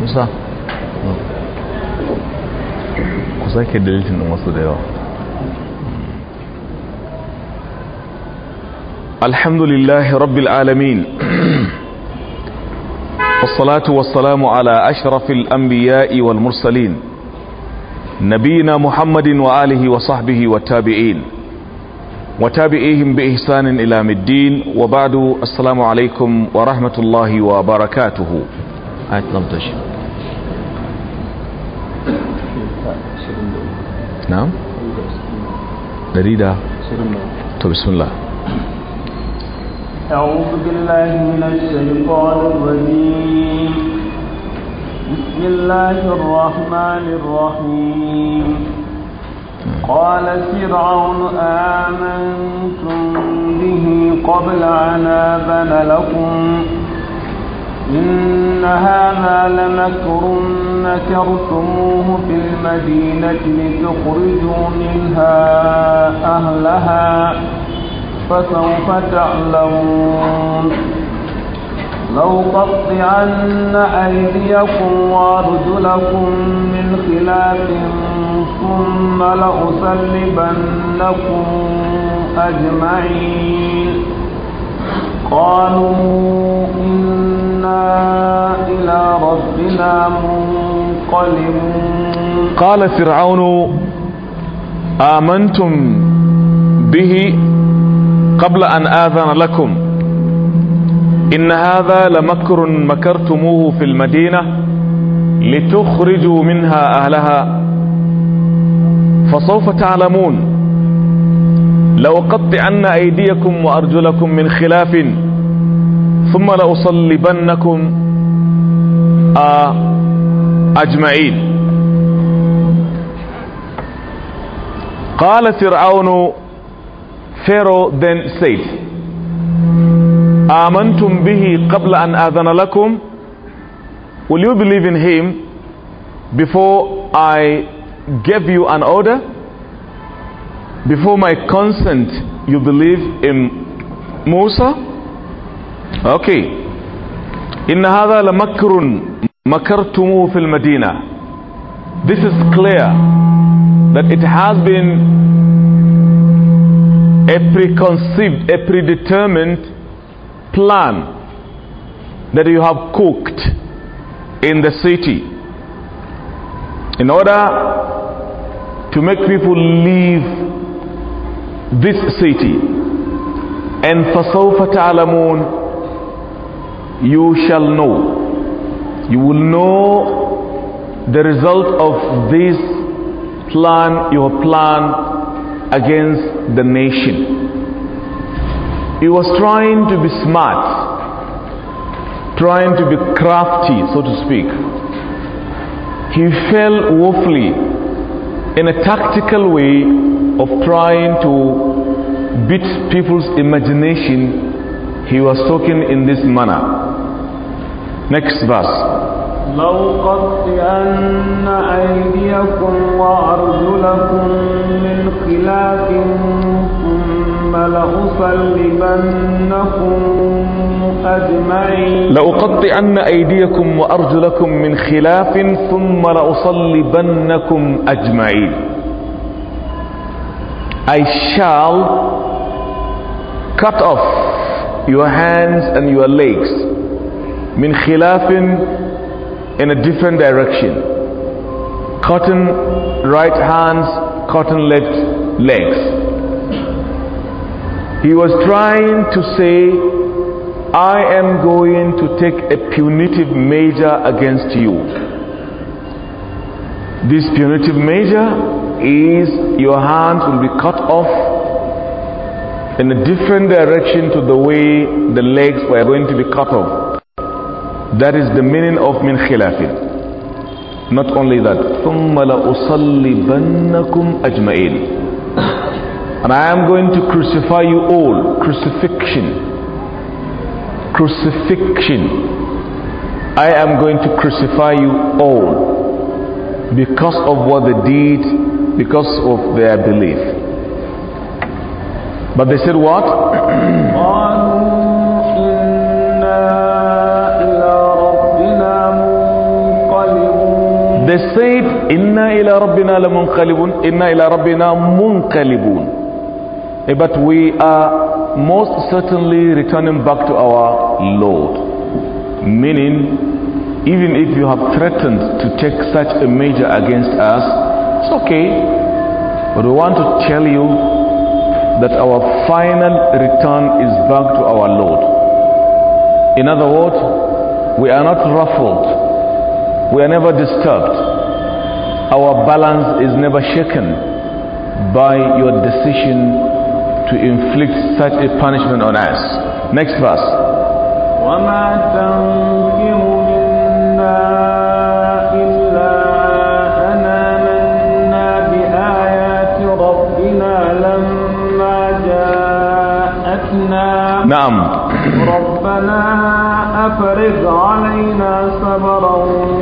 musa ku sake dalitin din wasu da yawa alhamdulillahi rabbil alamin والصلاة والسلام على أشرف الأنبياء والمرسلين نبينا محمد وآله وصحبه والتابعين وتابعيهم بإحسان إلى مدين وبعد السلام عليكم ورحمة الله وبركاته آية 18 نعم نريدها طب بسم الله أعوذ بالله من الشيطان الرجيم بسم الله الرحمن الرحيم قال فرعون آمنتم به قبل أن آذن لكم إن هذا لمكر مكرتموه في المدينة لتخرجوا منها أهلها فسوف تعلمون لو قطعن أيديكم وأرجلكم من خلاف ثم لأصلبنكم أجمعين قالوا إن إلى ربنا منقلبون قال فرعون آمنتم به قبل أن آذن لكم إن هذا لمكر مكرتموه في المدينة لتخرجوا منها أهلها فسوف تعلمون لو قطعن أيديكم وأرجلكم من خلاف ثم لأصلبنكم أجمعين قال فرعون فيرو then said آمنتم به قبل أن آذن لكم Will you believe in him before I gave you an order? Before my consent you believe in Musa? Okay. إن هذا لمكر مكرتموه في المدينة. This is clear that it has been a preconceived, a predetermined plan that you have cooked in the city in order to make people leave this city and فسوف تعلمون you shall know. You will know the result of this plan, your plan against the nation. He was trying to be smart, trying to be crafty, so to speak. He fell woefully in a tactical way of trying to beat people's imagination. He was talking in this manner. Next verse. لو أن أيديكم وأرجلكم من خلاف ثم لأصلبنكم أجمعين أن أيديكم وأرجلكم من خلاف ثم لأصلبنكم أجمعين I shall cut off your hands and your legs min khilafin in a different direction cotton right hands cotton left legs he was trying to say, I am going to take a punitive measure against you. This punitive measure is your hands will be cut off in a different direction to the way the legs were going to be cut off. That is the meaning of min khilafin. Not only that, ثُمَّ لَأُصَلِّبَنَّكُمْ أَجْمَعِينَ And I am going to crucify you all. Crucifixion. Crucifixion. I am going to crucify you all because of what they did, because of their belief. But they said what? they said inna ila rabbina lamunqalibun inna ila rabbina munqalibun eh, but we are most certainly returning back to our lord meaning even if you have threatened to take such a measure against us it's okay but we want to tell you that our final return is back to our lord in other words we are not ruffled we are never disturbed. Our balance is never shaken by your decision to inflict such a punishment on us. Next verse. نعم ربنا أفرغ علينا صبرا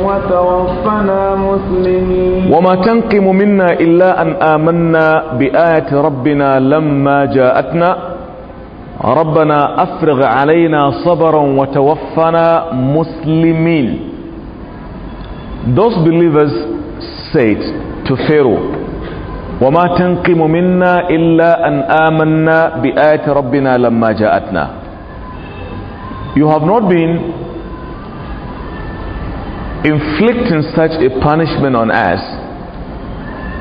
وتوفنا مسلمين وما تنقم منا إلا أن آمنا بآية ربنا لما جاءتنا ربنا أفرغ علينا صبرا وتوفنا مسلمين Those believers said to Pharaoh وما تنقم منا إلا أن آمنا بآية ربنا لما جاءتنا you have not been inflicting such a punishment on us.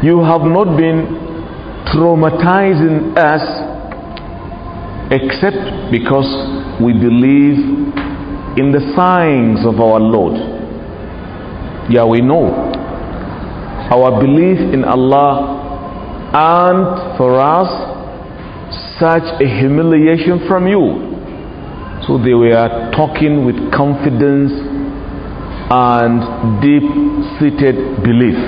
You have not been traumatizing us except because we believe in the signs of our Lord. Yeah, we know our belief in Allah and for us such a humiliation from you so they were talking with confidence and deep seated belief.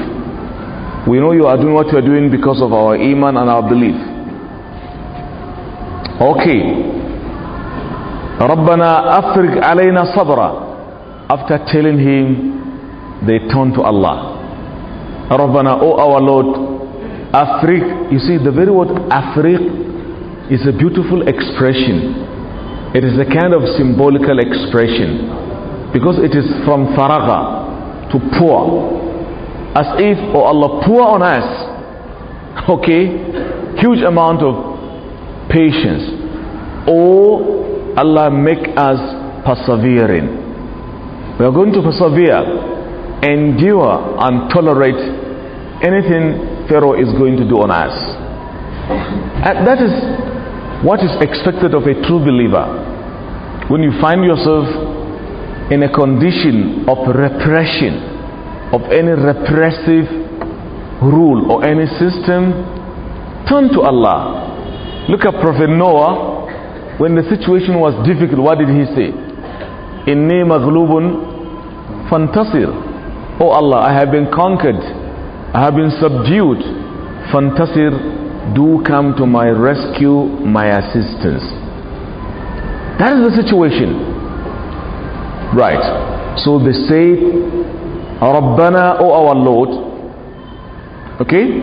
We know you are doing what you are doing because of our iman and our belief. Okay. ربنا أفرغ علينا صبرا After telling him, they turned to Allah. ربنا, O oh our Lord, Afrik. You see, the very word Afrik is a beautiful expression it is a kind of symbolical expression because it is from faragha to pour. As if, oh Allah, pour on us, okay, huge amount of patience. Or oh, Allah, make us persevering. We are going to persevere, endure, and tolerate anything Pharaoh is going to do on us. And that is what is expected of a true believer when you find yourself in a condition of repression of any repressive rule or any system turn to Allah look at prophet Noah when the situation was difficult what did he say In of maghlubun fantasir oh Allah I have been conquered I have been subdued fantasir do come to my rescue, my assistance. That is the situation. Right. So they say, Rabbana, O our Lord, okay,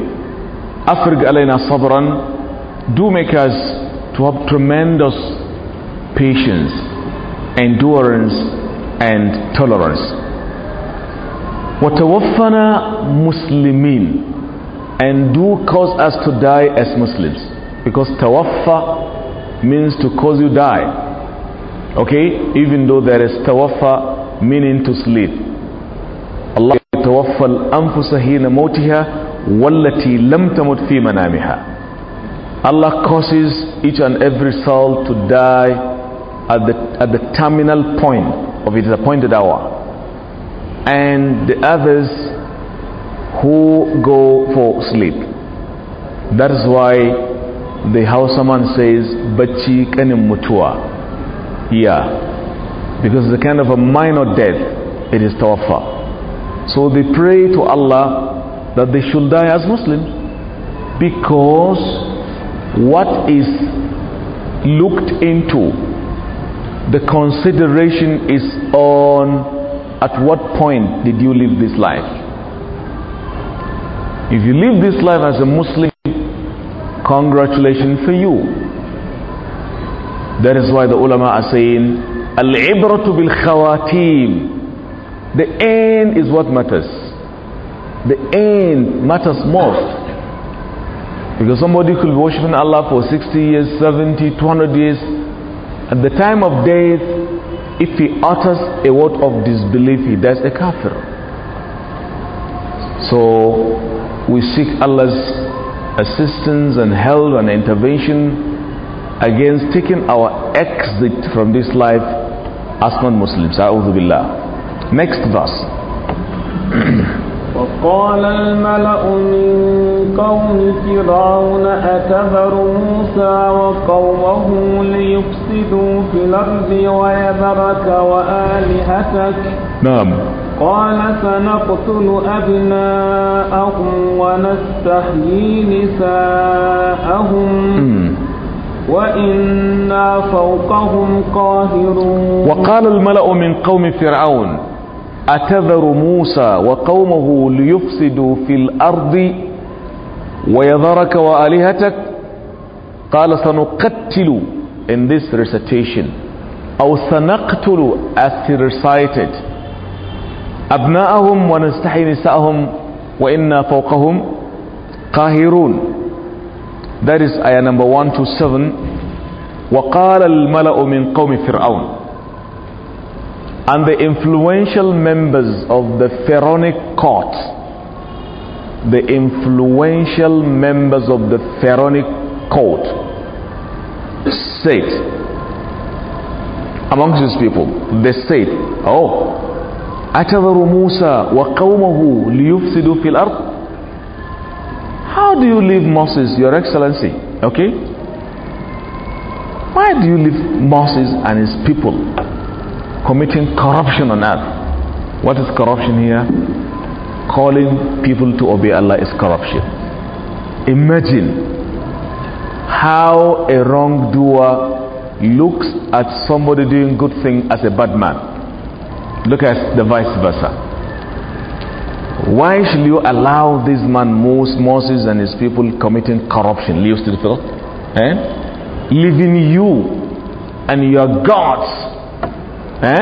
Afrig alayna sabran, do make us to have tremendous patience, endurance, and tolerance. وتوفنا مسلمين and do cause us to die as Muslims because tawaffa means to cause you die okay even though there is tawaffa meaning to sleep Allah tawaffa al-anfusa hina mawtiha wallati lam tamut fi manamiha Allah causes each and every soul to die at the, at the terminal point of its appointed hour and the others who go for sleep. That is why the Hausaman says, Bachi kanin mutua. Yeah. Because it's a kind of a minor death. It is tawafa. So they pray to Allah that they should die as Muslims. Because what is looked into, the consideration is on at what point did you live this life? If you live this life as a Muslim, congratulations for you. That is why the ulama are saying, Al-ibratu bil khawatim. The end is what matters. The end matters most. Because somebody could be worshipping Allah for 60 years, 70, 200 years. At the time of death, if he utters a word of disbelief, he dies a kafir. So we seek Allah's assistance and help and intervention against taking our exit from this life as non-Muslims. A'udhu billah. Next verse. وقال الملأ من قوم فرعون أتذر موسى وقومه ليفسدوا في الأرض ويذرك وآلهتك نعم قال سنقتل أبناءهم ونستحيي نساءهم وإنا فوقهم قاهرون وقال الملأ من قوم فرعون أتذر موسى وقومه ليفسدوا في الأرض ويذرك وآلهتك قال سنقتل in this recitation أو سنقتل as he recited أبناءهم ونستحي نساءهم وإنا فوقهم قاهرون That is ayah number 127 وقال الملأ من قوم فرعون And the influential members of the Pharaonic court The influential members of the Pharaonic court said amongst these people they said oh how do you leave Moses, Your Excellency? Okay? Why do you leave Moses and his people committing corruption on earth? What is corruption here? Calling people to obey Allah is corruption. Imagine how a wrongdoer looks at somebody doing good thing as a bad man. Look at the vice versa. Why should you allow this man Moses and his people committing corruption? Leave to the people, eh? Leaving you and your gods. Eh?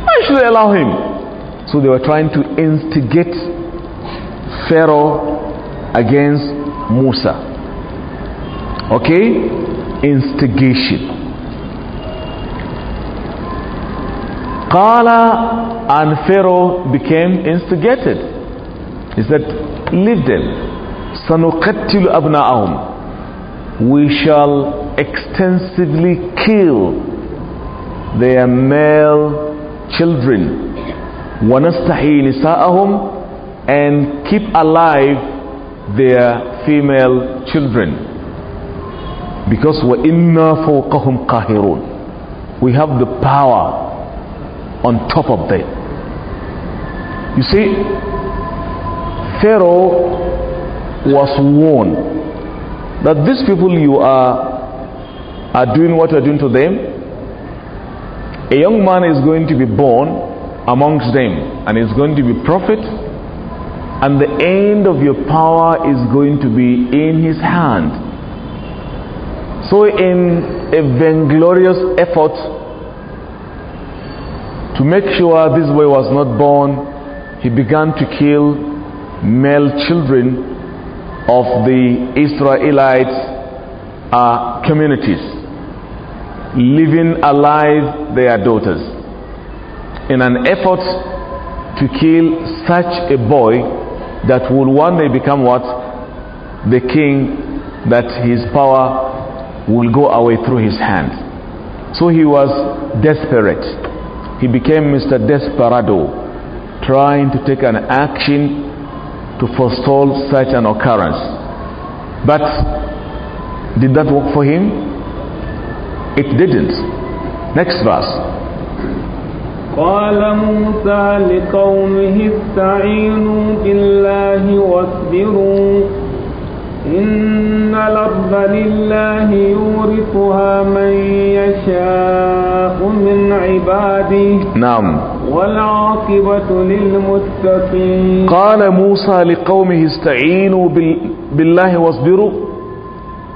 Why should they allow him? So they were trying to instigate Pharaoh against Musa. Okay? Instigation. Qala and Pharaoh became instigated. He said, Leave them. Sanuqattilu abna'ahum. We shall extensively kill their male children. وَنَسْتَحِي نِسَاءَهُمْ And keep alive their female children. Because inna فَوْقَهُمْ قَاهِرُونَ We have the power on top of them. You see, Pharaoh was warned that these people you are are doing what you are doing to them. A young man is going to be born amongst them and is going to be prophet and the end of your power is going to be in his hand. So in a vainglorious effort to make sure this boy was not born, he began to kill male children of the Israelite uh, communities, living alive their daughters. In an effort to kill such a boy that will one day become what? The king that his power will go away through his hand. So he was desperate. He became Mr. Desperado, trying to take an action to forestall such an occurrence. But did that work for him? It didn't. Next verse. قال موسى لقومه استعينوا بالله واصبروا إن الأرض لله يورثها من يشاء من عباده نعم والعاقبة للمتقين قال موسى لقومه استعينوا بالله واصبروا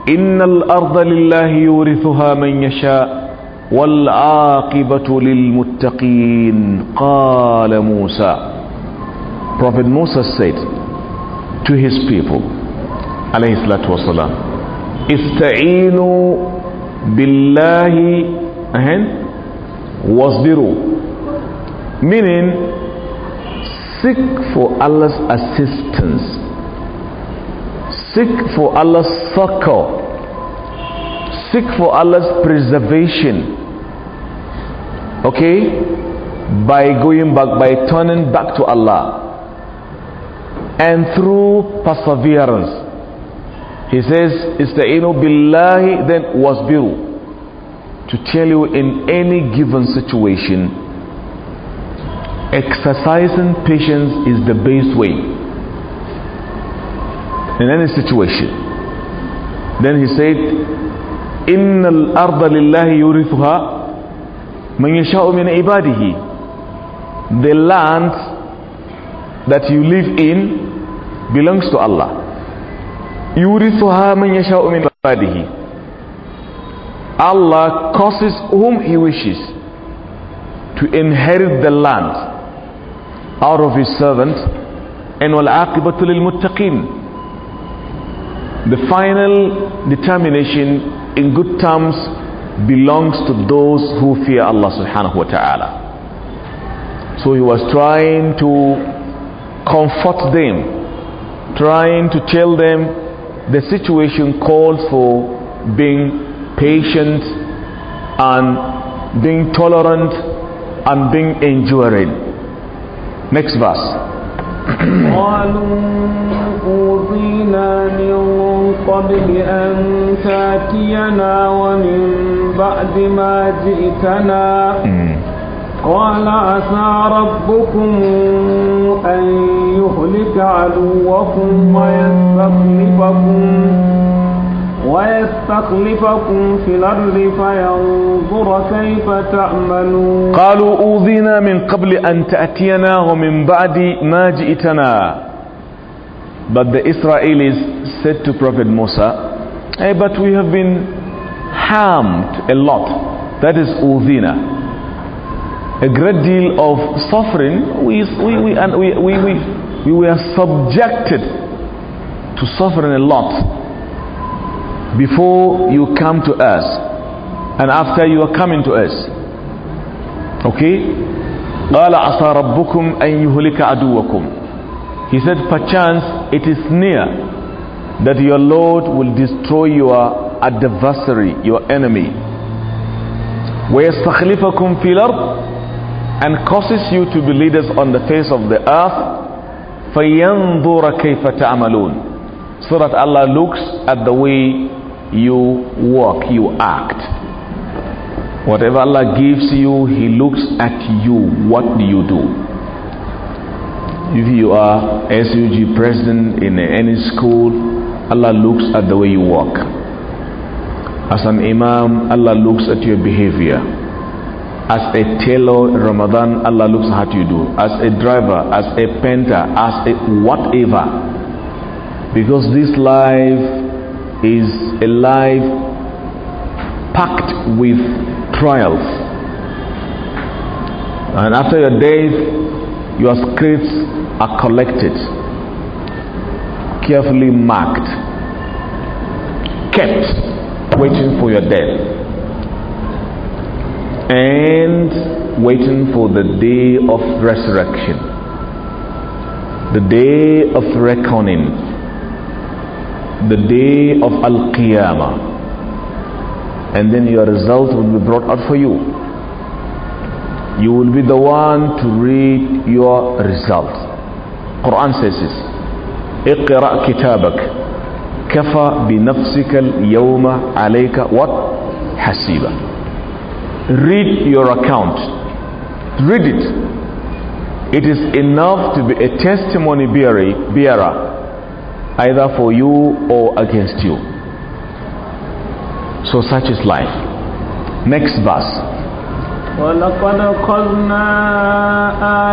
إن الأرض لله يورثها من يشاء والعاقبة للمتقين قال موسى Prophet Musa said to his people alayhi salatu wasalam. Ista'inu billahi and wasbiru. Meaning, seek for Allah's assistance. Seek for Allah's succor. Seek for Allah's preservation. Okay? By going back, by turning back to Allah. And through perseverance he says, Ista'inu billahi then wasbiru. To tell you in any given situation, exercising patience is the best way. In any situation. Then he said, إن الأرض لله يورثها من yashau min عباده The land that you live in belongs to Allah. يورثها من yashau min عباده Allah causes whom he wishes to inherit the land out of his servants and والعاقبة muttaqin. the final determination in good terms belongs to those who fear Allah subhanahu wa ta'ala. So he was trying to comfort them, trying to tell them the situation calls for being patient and being tolerant and being enduring. Next verse. قال hmm. عسى ربكم أن يهلك عدوكم ويستخلفكم ويستخلفكم في الأرض فينظر كيف تعملون قالوا أوذينا من قبل أن تأتينا ومن بعد ما جئتنا But the Israelis said to Prophet Musa, hey, but we have been harmed a lot. That is uzina, A great deal of suffering we, we, we, and we, we, we, we were subjected to suffering a lot before you come to us and after you are coming to us okay قال عسى ربكم أن يهلك عدوكم he said perchance it is near that your Lord will destroy your adversary your enemy ويستخلفكم في الأرض and causes you to be leaders on the face of the earth فَيَنْظُرَ كَيْفَ تَعْمَلُونَ So that Allah looks at the way you walk, you act. Whatever Allah gives you, He looks at you. What do you do? If you are SUG president in any school, Allah looks at the way you walk. As an imam, Allah looks at your behavior as a tailor Ramadan Allah looks at you do as a driver as a painter as a whatever because this life is a life packed with trials and after your death your scripts are collected carefully marked kept waiting for your death and waiting for the day of resurrection, the day of reckoning, the day of Al Qiyamah. And then your result will be brought out for you. You will be the one to read your results. Quran says this. اقرأ كتابك كفى بنفسك اليوم عليك what حسيبا read your account. Read it. It is enough to be a testimony bearer, either for you or against you. So such is life. Next verse. ولقد أخذنا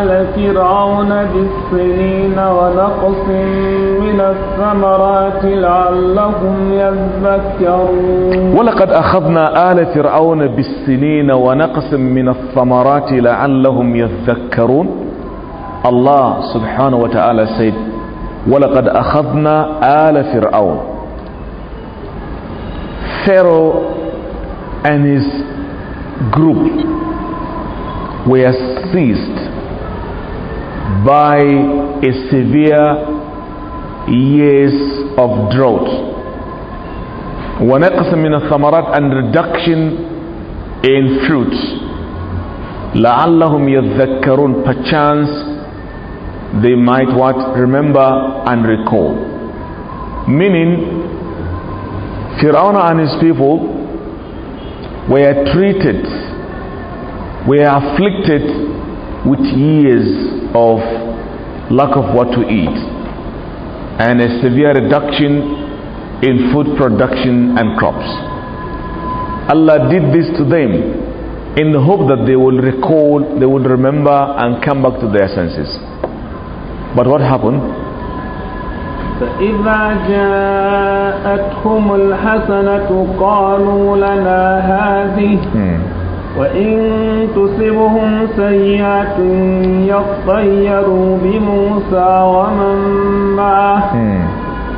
آل فرعون بالسنين ونقص من الثمرات لعلهم يذكرون ولقد أخذنا آل فرعون بالسنين ونقص من الثمرات لعلهم يذكرون الله سبحانه وتعالى said ولقد أخذنا آل فرعون Pharaoh and his group were seized by a severe years of drought ونقص من الثمرات and reduction in fruits لعلهم يذكرون perchance they might what remember and recall meaning Fir'aun and his people were treated we are afflicted with years of lack of what to eat and a severe reduction in food production and crops. Allah did this to them in the hope that they will recall, they will remember and come back to their senses. But what happened? فإذا جاءتهم الحسنة قالوا لنا هذه hmm. وإن تصبهم سيئة يطيروا بموسى ومن معه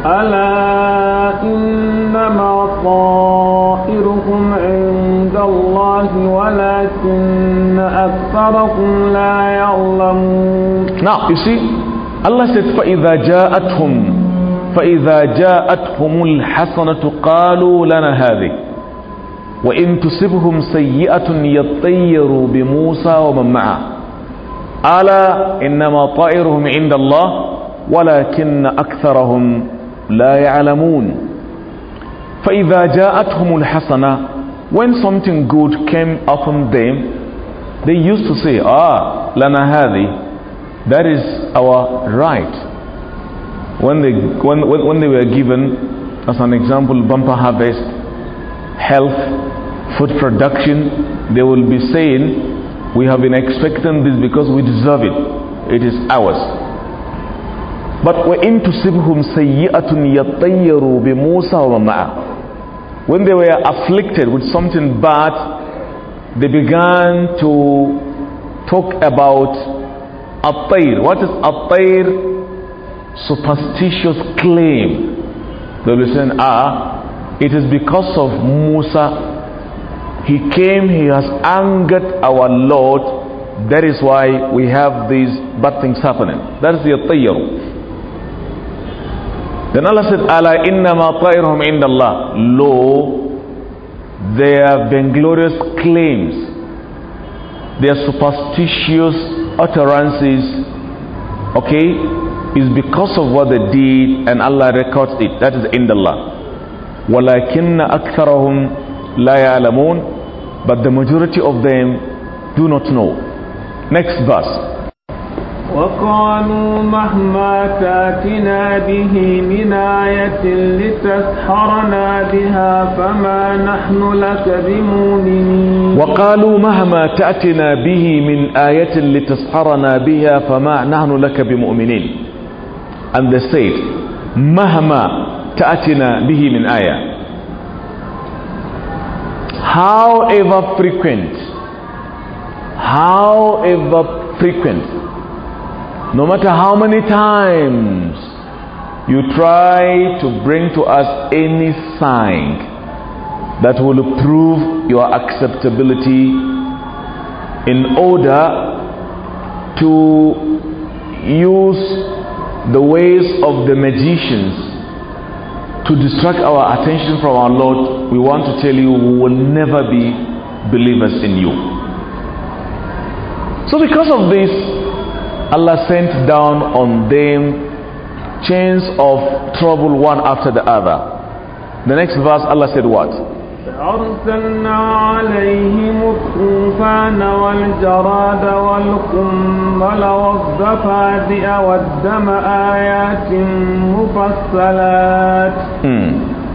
ألا إنما طائرهم عند الله ولكن أكثرهم لا يعلمون نعم you see Allah said فإذا جاءتهم فإذا جاءتهم الحسنة قالوا لنا هذه وإن تصبهم سيئة يطيروا بموسى ومن معه ألا إنما طائرهم عند الله ولكن أكثرهم لا يعلمون فإذا جاءتهم الحسنة when something good came upon them they used to say ah لنا هذه that is our right when they when, when they were given as an example bumper harvest health, food production, they will be saying, We have been expecting this because we deserve it. It is ours. But When they were afflicted with something bad, they began to talk about atayr. What is atayr? Superstitious claim. They were saying, ah, it is because of Musa. He came, he has angered our Lord. That is why we have these bad things happening. That is the tayyaru. Then Allah said, Allah innama tayyruhum indallah. Lo, their vainglorious claims, their superstitious utterances, okay, is because of what they did and Allah records it. That is indallah. ولكن أكثرهم لا يعلمون but the majority of them do not know next verse وقالوا مهما تاتنا به من آية لتسحرنا بها فما نحن لك بمؤمنين وقالوا مهما تأتنا به من آية لتسحرنا بها فما نحن لك بمؤمنين and they said مهما تأتنا به من ayah. However frequent, however frequent, no matter how many times you try to bring to us any sign that will prove your acceptability in order to use the ways of the magicians to distract our attention from our Lord, we want to tell you we will never be believers in you. So, because of this, Allah sent down on them chains of trouble one after the other. The next verse, Allah said, What? أرسلنا عليهم الطوفان والجراد والقمل والضفادع والدم آيات مفصلات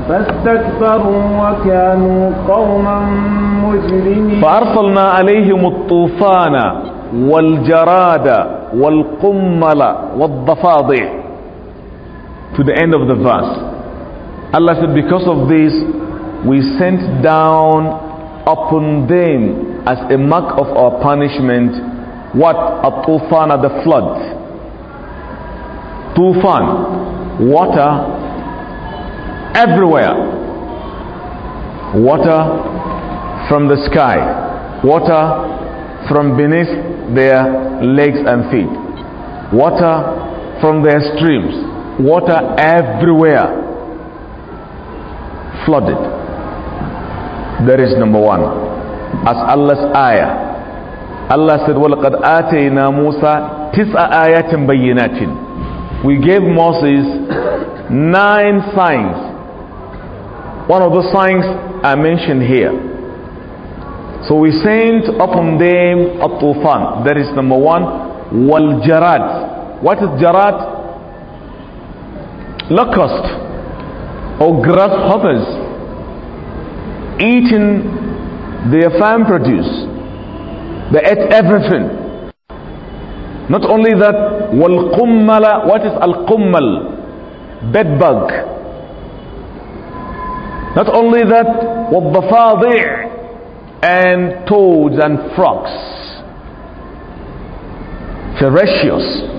فاستكبروا وكانوا قوما مجرمين فأرسلنا عليهم الطوفان والجراد والقمل والضفادع to the end of the verse Allah said because of this we sent down upon them as a mark of our punishment what a tufan at the flood tufan water everywhere water from the sky water from beneath their legs and feet water from their streams water everywhere flooded that is number one. As Allah's ayah. Allah said, وَلَقَدْ آتَيْنَا مُوسَى تِسْعَ آيَاتٍ بَيِّنَاتٍ We gave Moses nine signs. One of the signs I mentioned here. So we sent upon them a tufan. That is number one. Wal jarad. What is jarad? Locust or grasshoppers eating their farm produce. They ate everything. Not only that, what is al-qummal? Bed bug. Not only that, والضفادع and toads and frogs. Ferocious.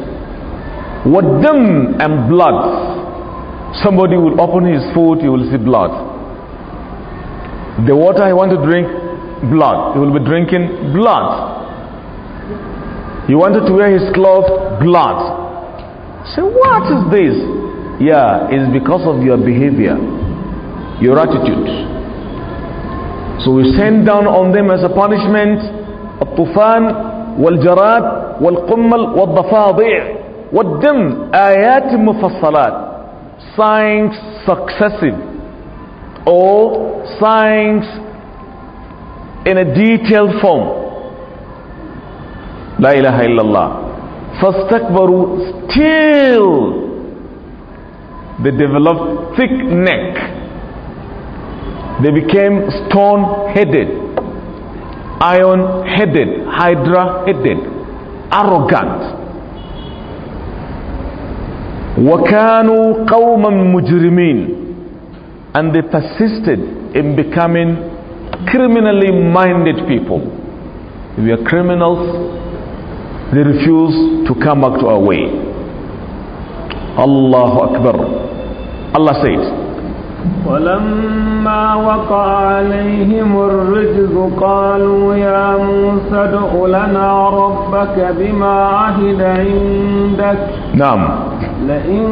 what them and blood. Somebody will open his foot, you will see blood. The water he want to drink, blood. He will be drinking blood. He wanted to wear his cloth, blood. Say, so what is this? Yeah, it's because of your behavior, your attitude. So we send down on them as a punishment الطوفان والجراد والقمل والضفادع والدم آيات مفصلات signs successive or signs in a detailed form. La ilaha illallah. Fastakbaru still they developed thick neck. They became stone headed, iron headed, hydra headed, arrogant. وكانوا قوما مجرمين and they persisted in becoming criminally minded people. We are criminals, they refuse to come back to our way. Allahu Akbar. Allah says, ولما وقع عليهم الرجز قالوا يا موسى ادع لنا ربك بما عهد عندك نعم لئن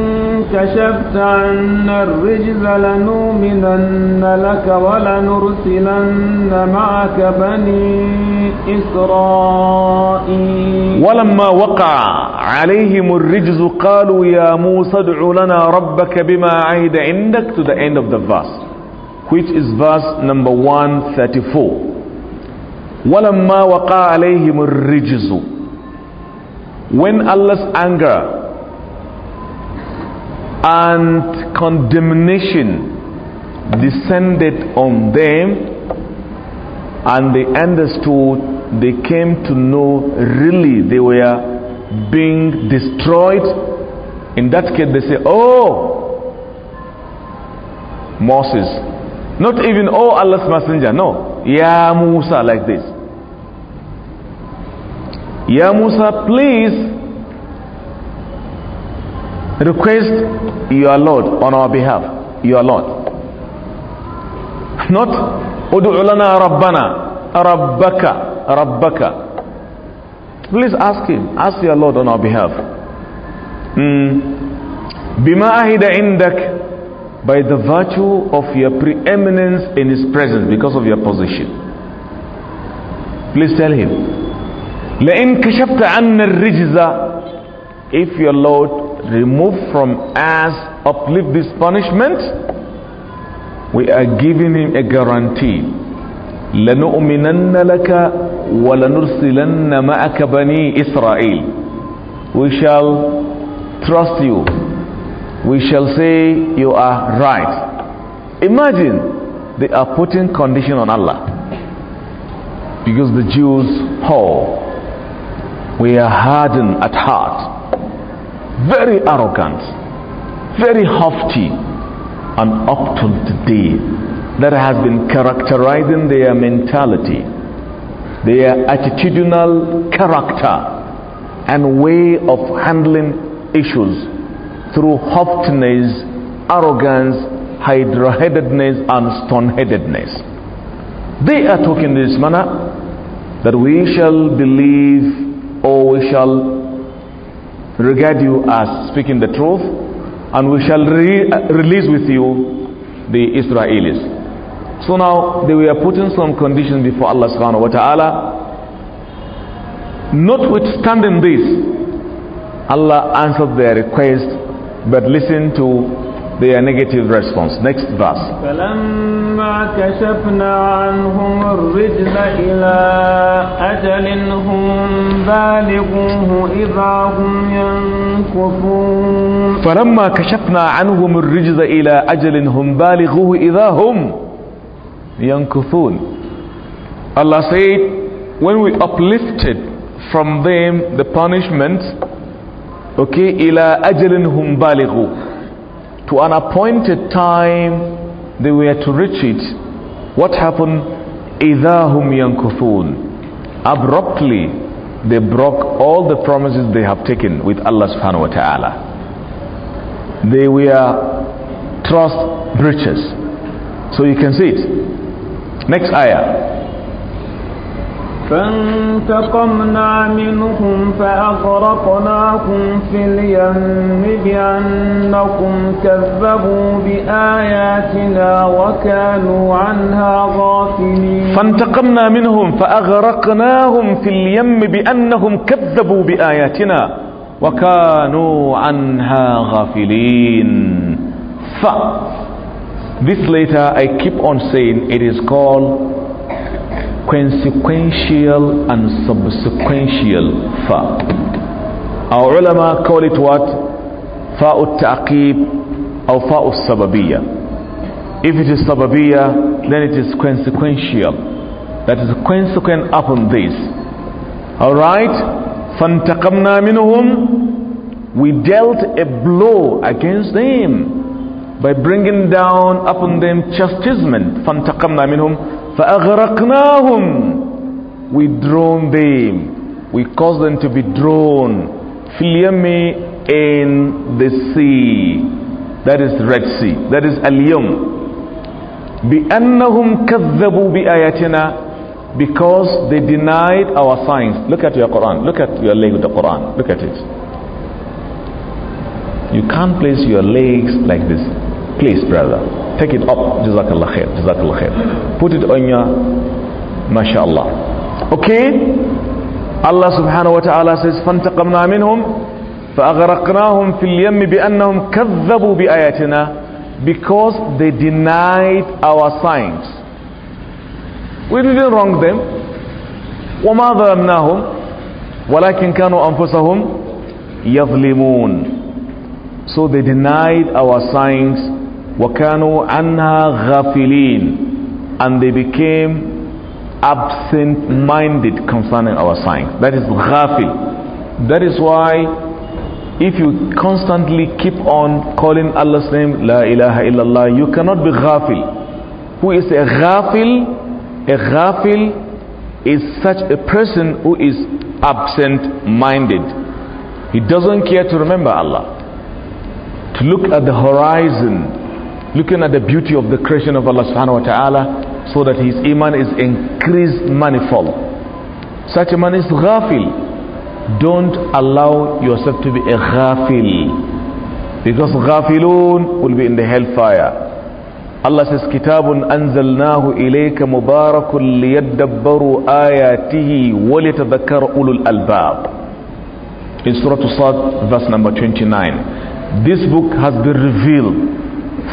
كشفت عنا الرجز لنؤمنن لك ولنرسلن معك بني إسرائيل ولما وقع عليهم الرجز قالوا يا موسى ادع لنا ربك بما عهد عندك to the end of the verse, which is verse number 134. when Allah's anger and condemnation descended on them and they understood they came to know really they were being destroyed in that case they say oh Moses. Not even, oh Allah's messenger. No. Ya Musa, like this. Ya Musa, please request your Lord on our behalf. Your Lord. Not, udu'u lana rabbana, rabbaka, rabbaka. Please ask him. Ask your Lord on our behalf. Hmm. Bima ahi عهد عندك by the virtue of your preeminence in his presence because of your position. Please tell him. لَإِن كَشَفْتَ عَنَّ الرِّجْزَ If your Lord remove from us, uplift this punishment, we are giving him a guarantee. لَنُؤْمِنَنَّ لَكَ وَلَنُرْسِلَنَّ مَعَكَ بَنِي إِسْرَائِيل We shall trust you we shall say you are right. Imagine they are putting condition on Allah because the Jews whole. We are hardened at heart, very arrogant, very haughty, and up to today that has been characterizing their mentality, their attitudinal character, and way of handling issues through haughtiness, arrogance, hydra-headedness and stone-headedness. They are talking this manner that we shall believe or we shall regard you as speaking the truth and we shall re release with you the Israelis. So now they were putting some conditions before Allah subhanahu wa ta'ala. Notwithstanding this, Allah answered their request but listen to their negative response. Next verse. فلما كشفنا عنهم الرجز إلى أجلهم بالغوه إذا هم ينكثون. Allah said, when we uplifted from them the punishments okay ila ajalin hum balighu to an appointed time they were to reach it what happened idha hum yankuthun abruptly they broke all the promises they have taken with Allah subhanahu wa ta'ala they were trust breaches so you can see it next ayah فانتقمنا منهم فأغرقناهم في اليم بأنهم كذبوا بآياتنا وكانوا عنها غافلين فانتقمنا منهم فأغرقناهم في اليم بأنهم كذبوا بآياتنا وكانوا عنها غافلين ف This later I keep on saying it is called consequential and subsequential fa. Our ulama call it what? Fa'u ta'qib or fa'u sababiyya. If it is sababiyya, then it is consequential. That is consequent upon this. Alright? فَانْتَقَمْنَا minhum. We dealt a blow against them by bringing down upon them chastisement. فَانْتَقَمْنَا minhum. فأغرقناهم we drown them we cause them to be drawn filiami in the sea that is Red Sea that is Al-Yum بأنهم كذبوا بآياتنا because they denied our signs look at your Quran look at your leg with the Quran look at it you can't place your legs like this please brother Take it up. Jazakallah khair. Jazakallah khair. Put it on your mashallah. Okay? Allah subhanahu wa ta'ala says, فَانْتَقَمْنَا مِنْهُمْ فَأَغْرَقْنَاهُمْ فِي الْيَمِّ بِأَنَّهُمْ كَذَّبُوا بِآيَاتِنَا Because they denied our signs. We didn't wrong them. وَمَا ظَلَمْنَاهُمْ وَلَكِنْ كَانُوا أَنفُسَهُمْ يَظْلِمُونَ So they denied our signs وَكَانُوا عَنْهَا غَافِلِينَ And they became absent-minded concerning our signs. That is ghafil. That is why if you constantly keep on calling Allah's name, La ilaha illallah, you cannot be ghafil. Who is a ghafil? A ghafil is such a person who is absent-minded. He doesn't care to remember Allah, to look at the horizon, looking at the beauty of the creation of Allah subhanahu wa ta'ala so that his iman is increased manifold. Such a man is ghafil. Don't allow yourself to be a ghafil. Because ghafilun will be in the hellfire. Allah says, كتاب أنزلناه إليك مبارك ليدبروا آياته وليتذكر ulul albab." In Surah Sad, verse number 29. This book has been revealed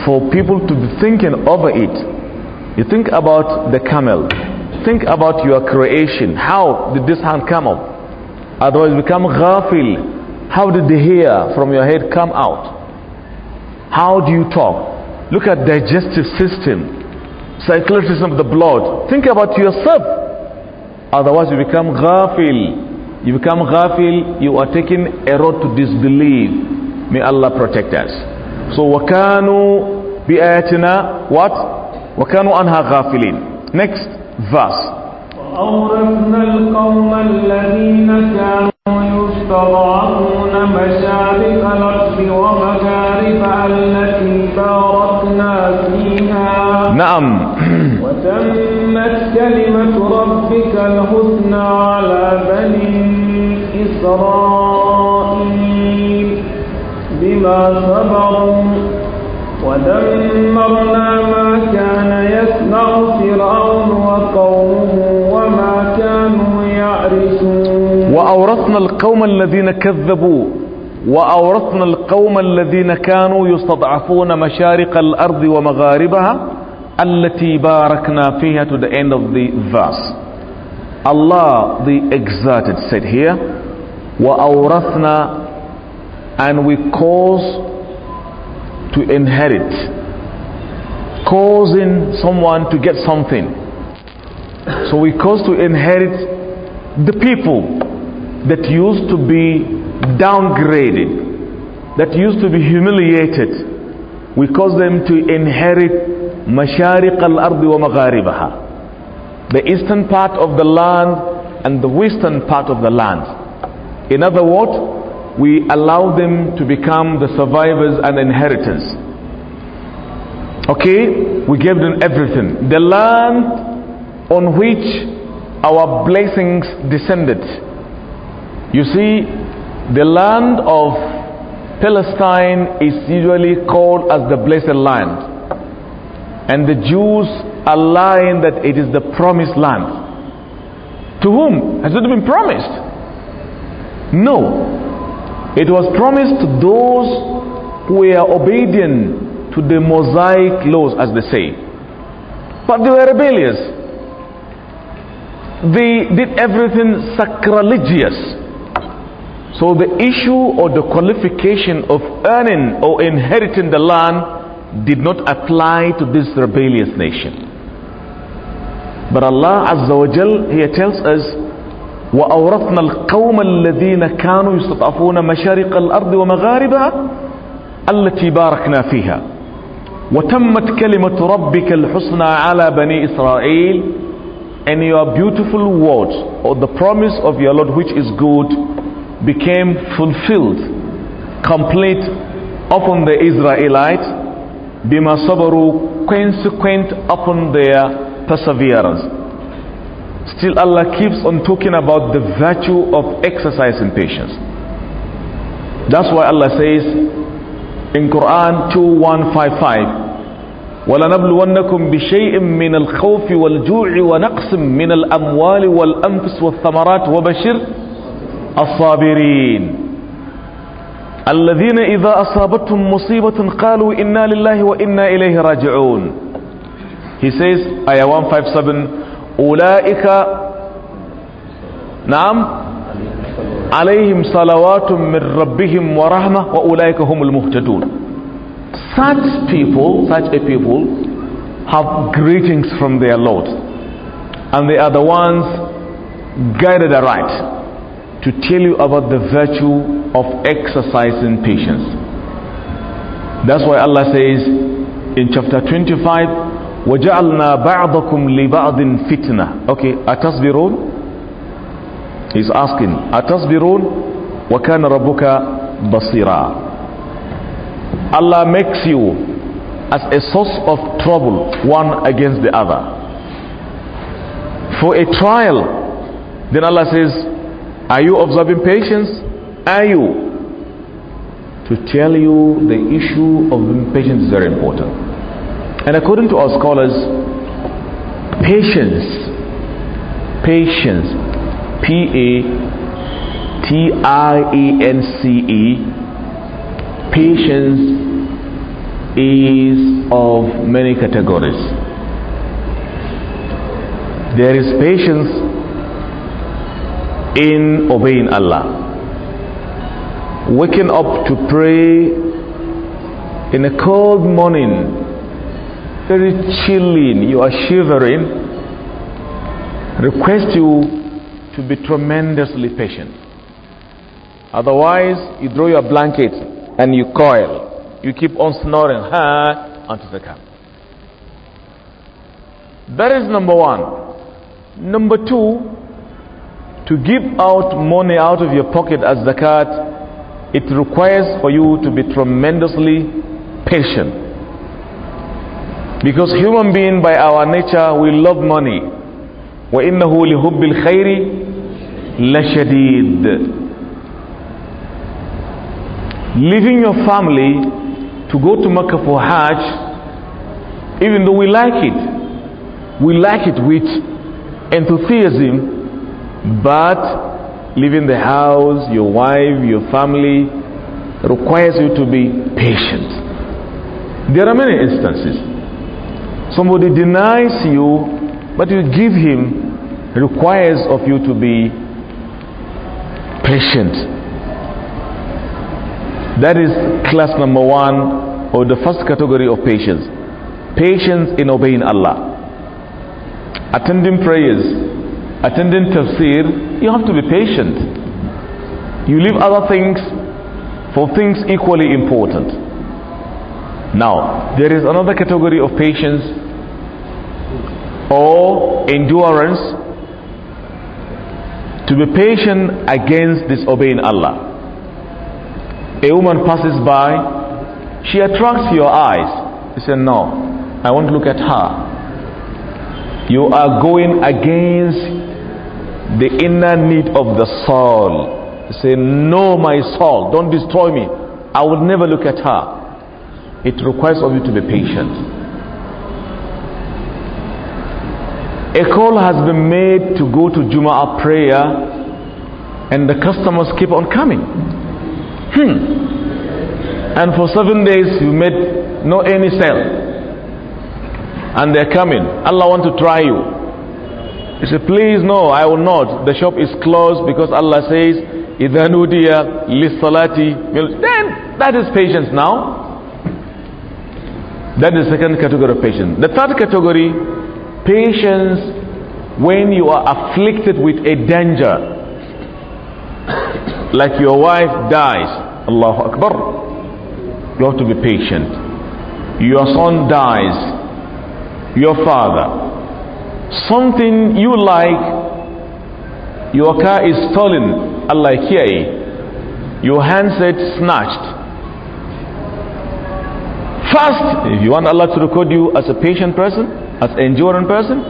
for people to be thinking over it. You think about the camel. Think about your creation. How did this hand come up? Otherwise become ghafil. How did the hair from your head come out? How do you talk? Look at digestive system, circulation of the blood. Think about yourself. Otherwise you become ghafil. You become ghafil, you are taking a road to disbelief. May Allah protect us. So wakanu bi ayatina what? Wakanu anha ghafilin. Next verse. وأورثنا القوم الذين كانوا يستضعفون مشارق الأرض ومغارب التي باركنا فيها نعم وتمت كلمة ربك الحسنى على بني إسرائيل صبروا ودمرنا ما كان يسمع فرعون وقومه وما كانوا يعرشون وأورثنا القوم الذين كذبوا وأورثنا القوم الذين كانوا يستضعفون مشارق الأرض ومغاربها التي باركنا فيها to the end of the verse Allah the exalted said here وأورثنا and we cause to inherit causing someone to get something so we cause to inherit the people that used to be downgraded that used to be humiliated we cause them to inherit mashariq al-ard wa magharibaha the eastern part of the land and the western part of the land in other words we allow them to become the survivors and inheritors. Okay? We gave them everything. The land on which our blessings descended. You see, the land of Palestine is usually called as the blessed land. And the Jews are lying that it is the promised land. To whom? Has it been promised? No. It was promised to those who were obedient to the Mosaic laws, as they say. But they were rebellious. They did everything sacrilegious. So the issue or the qualification of earning or inheriting the land did not apply to this rebellious nation. But Allah Azza wa Jal here tells us وأورثنا القوم الذين كانوا يستضعفون مشارق الأرض ومغاربها التي باركنا فيها وتمت كلمة ربك الحسنى على بني إسرائيل and your beautiful words or the promise of your Lord which is good became fulfilled complete upon the Israelites بما صبروا consequent upon their perseverance still Allah keeps on talking about the virtue of exercising patience that's why Allah says in Quran 2155 bi min min al-khawf al-amwal wal-jou' wal-naqsim wal-ams الذين إذا أصابتهم مصيبة inna lillahi wa inna إليه raji'oon." He says, Ayah 157, أولئك نعم عليهم صلوات من ربهم ورحمة وأولئك هم المهتدون such people such a people have greetings from their Lord and they are the ones guided aright to tell you about the virtue of exercising patience that's why Allah says in chapter 25 وَجَعَلْنَا بَعْضَكُمْ لِبَعْضٍ فِتْنَةً Okay, أَتَصْبِرُونَ He's asking, أَتَصْبِرُونَ وَكَانَ رَبُّكَ بَصِيرًا Allah makes you as a source of trouble one against the other. For a trial, then Allah says, Are you observing patience? Are you? To tell you the issue of impatience is very important and according to our scholars, patience, patience, P A T I E N C E, patience is of many categories. There is patience in obeying Allah waking up to pray in a cold morning very chilling, you are shivering, request you to be tremendously patient. Otherwise, you draw your blanket and you coil. You keep on snoring ha, until they come. That is number one. Number two, to give out money out of your pocket as zakat, it requires for you to be tremendously patient. Because human being by our nature, we love money. وَإِنَّهُ لِهُبِّ الْخَيْرِ لَشَدِيدٌ Leaving your family to go to Makkah for Hajj, even though we like it, we like it with enthusiasm, but leaving the house, your wife, your family requires you to be patient. There are many instances. Somebody denies you, but you give him, requires of you to be patient. That is class number one or the first category of patience. Patience in obeying Allah. Attending prayers, attending tafsir, you have to be patient. You leave other things for things equally important. Now, there is another category of patience or endurance to be patient against disobeying Allah. A woman passes by, she attracts your eyes. You say, No, I won't look at her. You are going against the inner need of the soul. You say, No, my soul, don't destroy me. I will never look at her it requires of you to be patient. A call has been made to go to Jumu'ah prayer and the customers keep on coming. Hmm. And for seven days you made no any sale. And they're coming. Allah want to try you. He said, please no, I will not. The shop is closed because Allah says, إِذَا نُودِيَ لِلصَّلَاةِ Then that is patience now. That is the second category of patience. The third category, patience when you are afflicted with a danger. Like your wife dies, Allahu Akbar. You have to be patient. Your son dies, your father. Something you like, your car is stolen, Allah Your handset snatched, fast. If you want Allah to record you as a patient person, as an enduring person,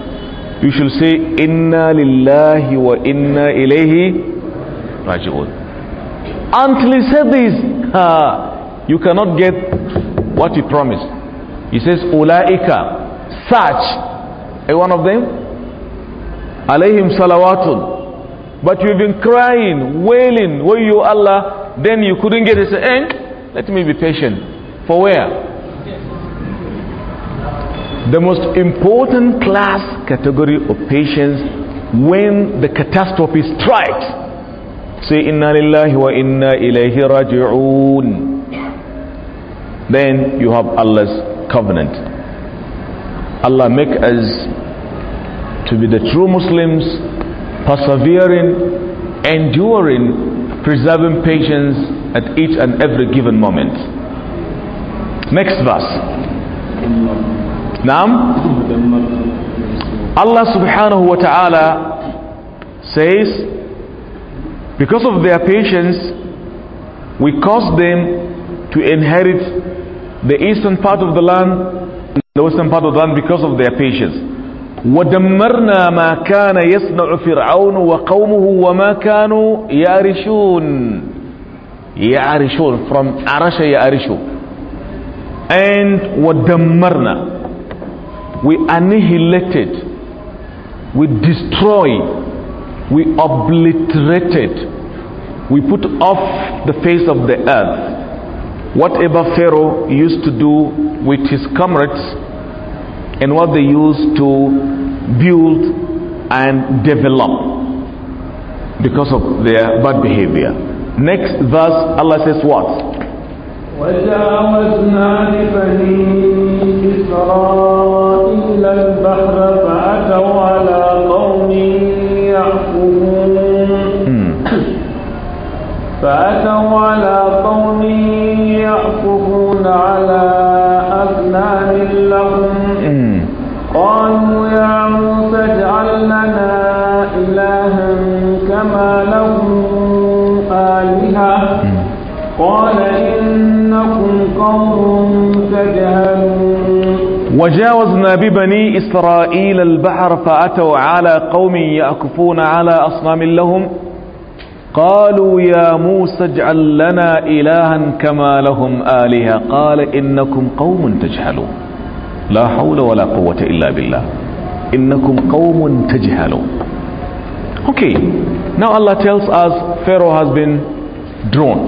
you should say, Inna lillahi wa inna ilayhi raji'un. Until he said this, uh, you cannot get what he promised. He says, Ulaika, such, a one of them, alayhim salawatun. But you've been crying, wailing, where you Allah, then you couldn't get it. Say, eh, let me be patient. For where? the most important class category of patients when the catastrophe strikes say inna lillahi wa inna ilayhi raji'un then you have Allah's covenant Allah make us to be the true Muslims persevering enduring preserving patience at each and every given moment next verse now, Allah subhanahu wa ta'ala says, because of their patience, we caused them to inherit the eastern part of the land and the western part of the land because of their patience. ودمرنا ما كان يصنع فرعون وقومه وما كانوا يعرشون يعرشون from عرش يعرشون and ودمرنا we annihilated, we destroy, we obliterated, we put off the face of the earth. Whatever Pharaoh used to do with his comrades and what they used to build and develop because of their bad behavior. Next verse, Allah says what? وجاوزنا لبني إسرائيل البحر فأتوا على قوم يعقوبون فأتوا على قوم يعقوبون على أبنان لهم قالوا يا موسى اجعل لنا إلها كما لهم آلهة قال إنكم قوم وجاوزنا ببني إسرائيل البحر فأتوا على قوم يأكفون على أصنام لهم قالوا يا موسى اجعل لنا إلها كما لهم آلهة قال إنكم قوم تجهلون لا حول ولا قوة إلا بالله إنكم قوم تجهلون Okay, now Allah tells us Pharaoh has been drawn.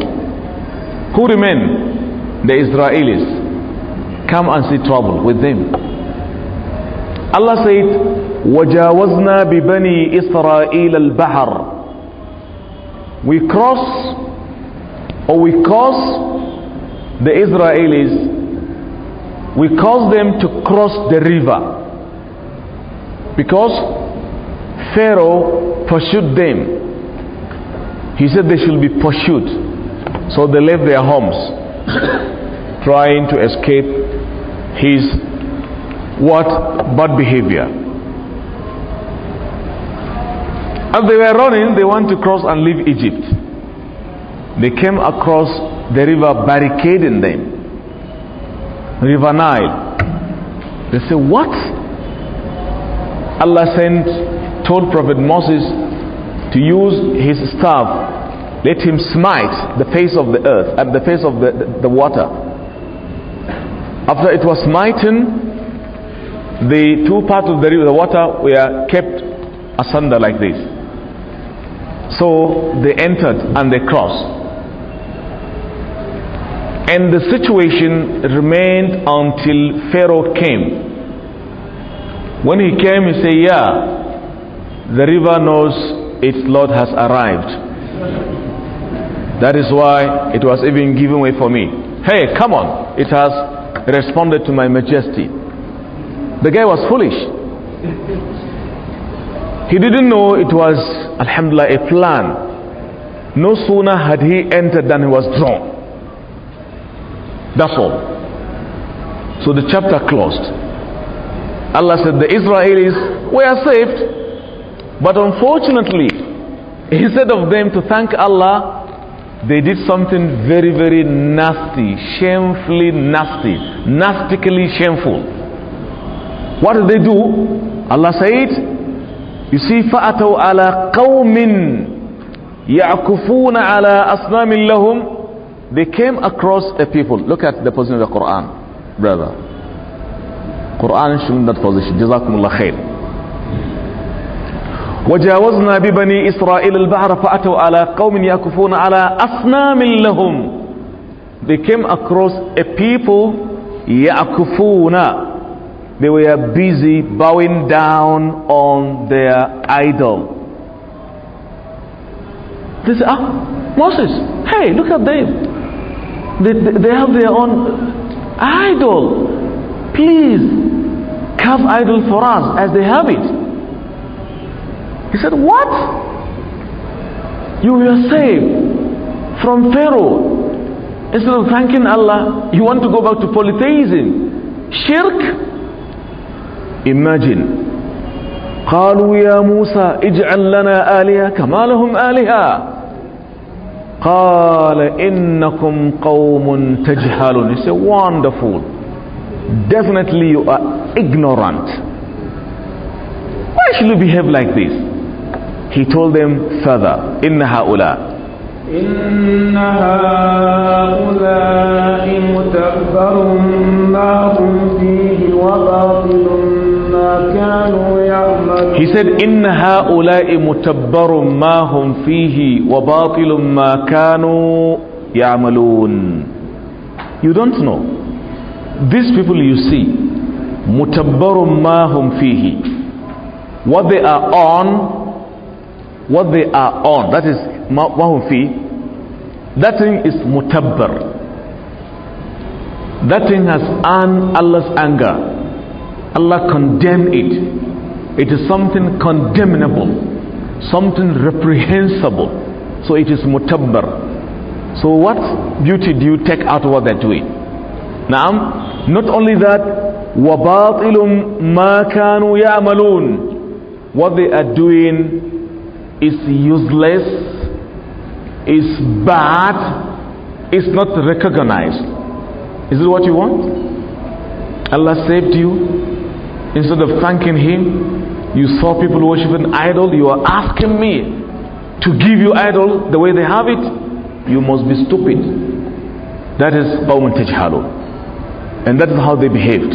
Who remain? The Israelis. come and see trouble with them. Allah said, وَجَاوَزْنَا بِبَنِي إِسْرَائِيلَ الْبَحَرِ We cross or we cause the Israelis, we cause them to cross the river because Pharaoh pursued them. He said they should be pursued. So they left their homes trying to escape his what bad behavior. As they were running, they want to cross and leave Egypt. They came across the river barricading them. River Nile. They say, What? Allah sent, told Prophet Moses to use his staff, let him smite the face of the earth, at uh, the face of the, the, the water after it was smitten, the two parts of the river, the water, were kept asunder like this. So they entered and they crossed. And the situation remained until Pharaoh came. When he came, he said, Yeah, the river knows its Lord has arrived. That is why it was even given way for me. Hey, come on, it has responded to my majesty. The guy was foolish. He didn't know it was, Alhamdulillah, a plan. No sooner had he entered than he was drawn. That's all. So the chapter closed. Allah said the Israelis were saved, but unfortunately, instead of them to thank Allah, they did something very, very nasty, shamefully nasty, nastically shameful. What did they do? Allah said, You see, فَأَتَوْا عَلَىٰ قَوْمٍ يَعْكُفُونَ عَلَىٰ أَصْنَامٍ لَهُمْ They came across a people. Look at the position of the Quran, brother. Quran should that position. Jazakumullah khair. وجاوزنا ببني إسرائيل البحر فأتوا على قوم يكفون على أصنام لهم They came across a people يأكفون They were busy bowing down on their idol. They said, ah, Moses, hey, look at them. They, they, they have their own idol. Please, carve idol for us as they have it. He said, What? You were saved from Pharaoh. Instead of thanking Allah, you want to go back to polytheism, shirk. Imagine. قالوا يا موسى اجعل لنا آلهة كما لهم آلهة قال إنكم قوم تجهلون He said wonderful definitely you are ignorant why should you behave like this he told them further inna haula ulā." haula mutabbarun ma hum fihi wa he said inna haula mutabbarun ma hum fihi wabātilum batilun ma kanu ya'malun you don't know these people you see mutabarum ma hum fihi what they are on what they are on that is mahum that thing is mutabbar that thing has earned Allah's anger Allah condemned it it is something condemnable something reprehensible so it is mutabbar so what beauty do you take out of what they're doing now not only that وَبَاطِلٌ مَا كَانُوا يَعْمَلُونَ what they are doing is useless, is bad, is not recognized. Is it what you want? Allah saved you. Instead of thanking Him, you saw people worshiping idol. You are asking me to give you idol the way they have it. You must be stupid. That is Bauman And that is how they behaved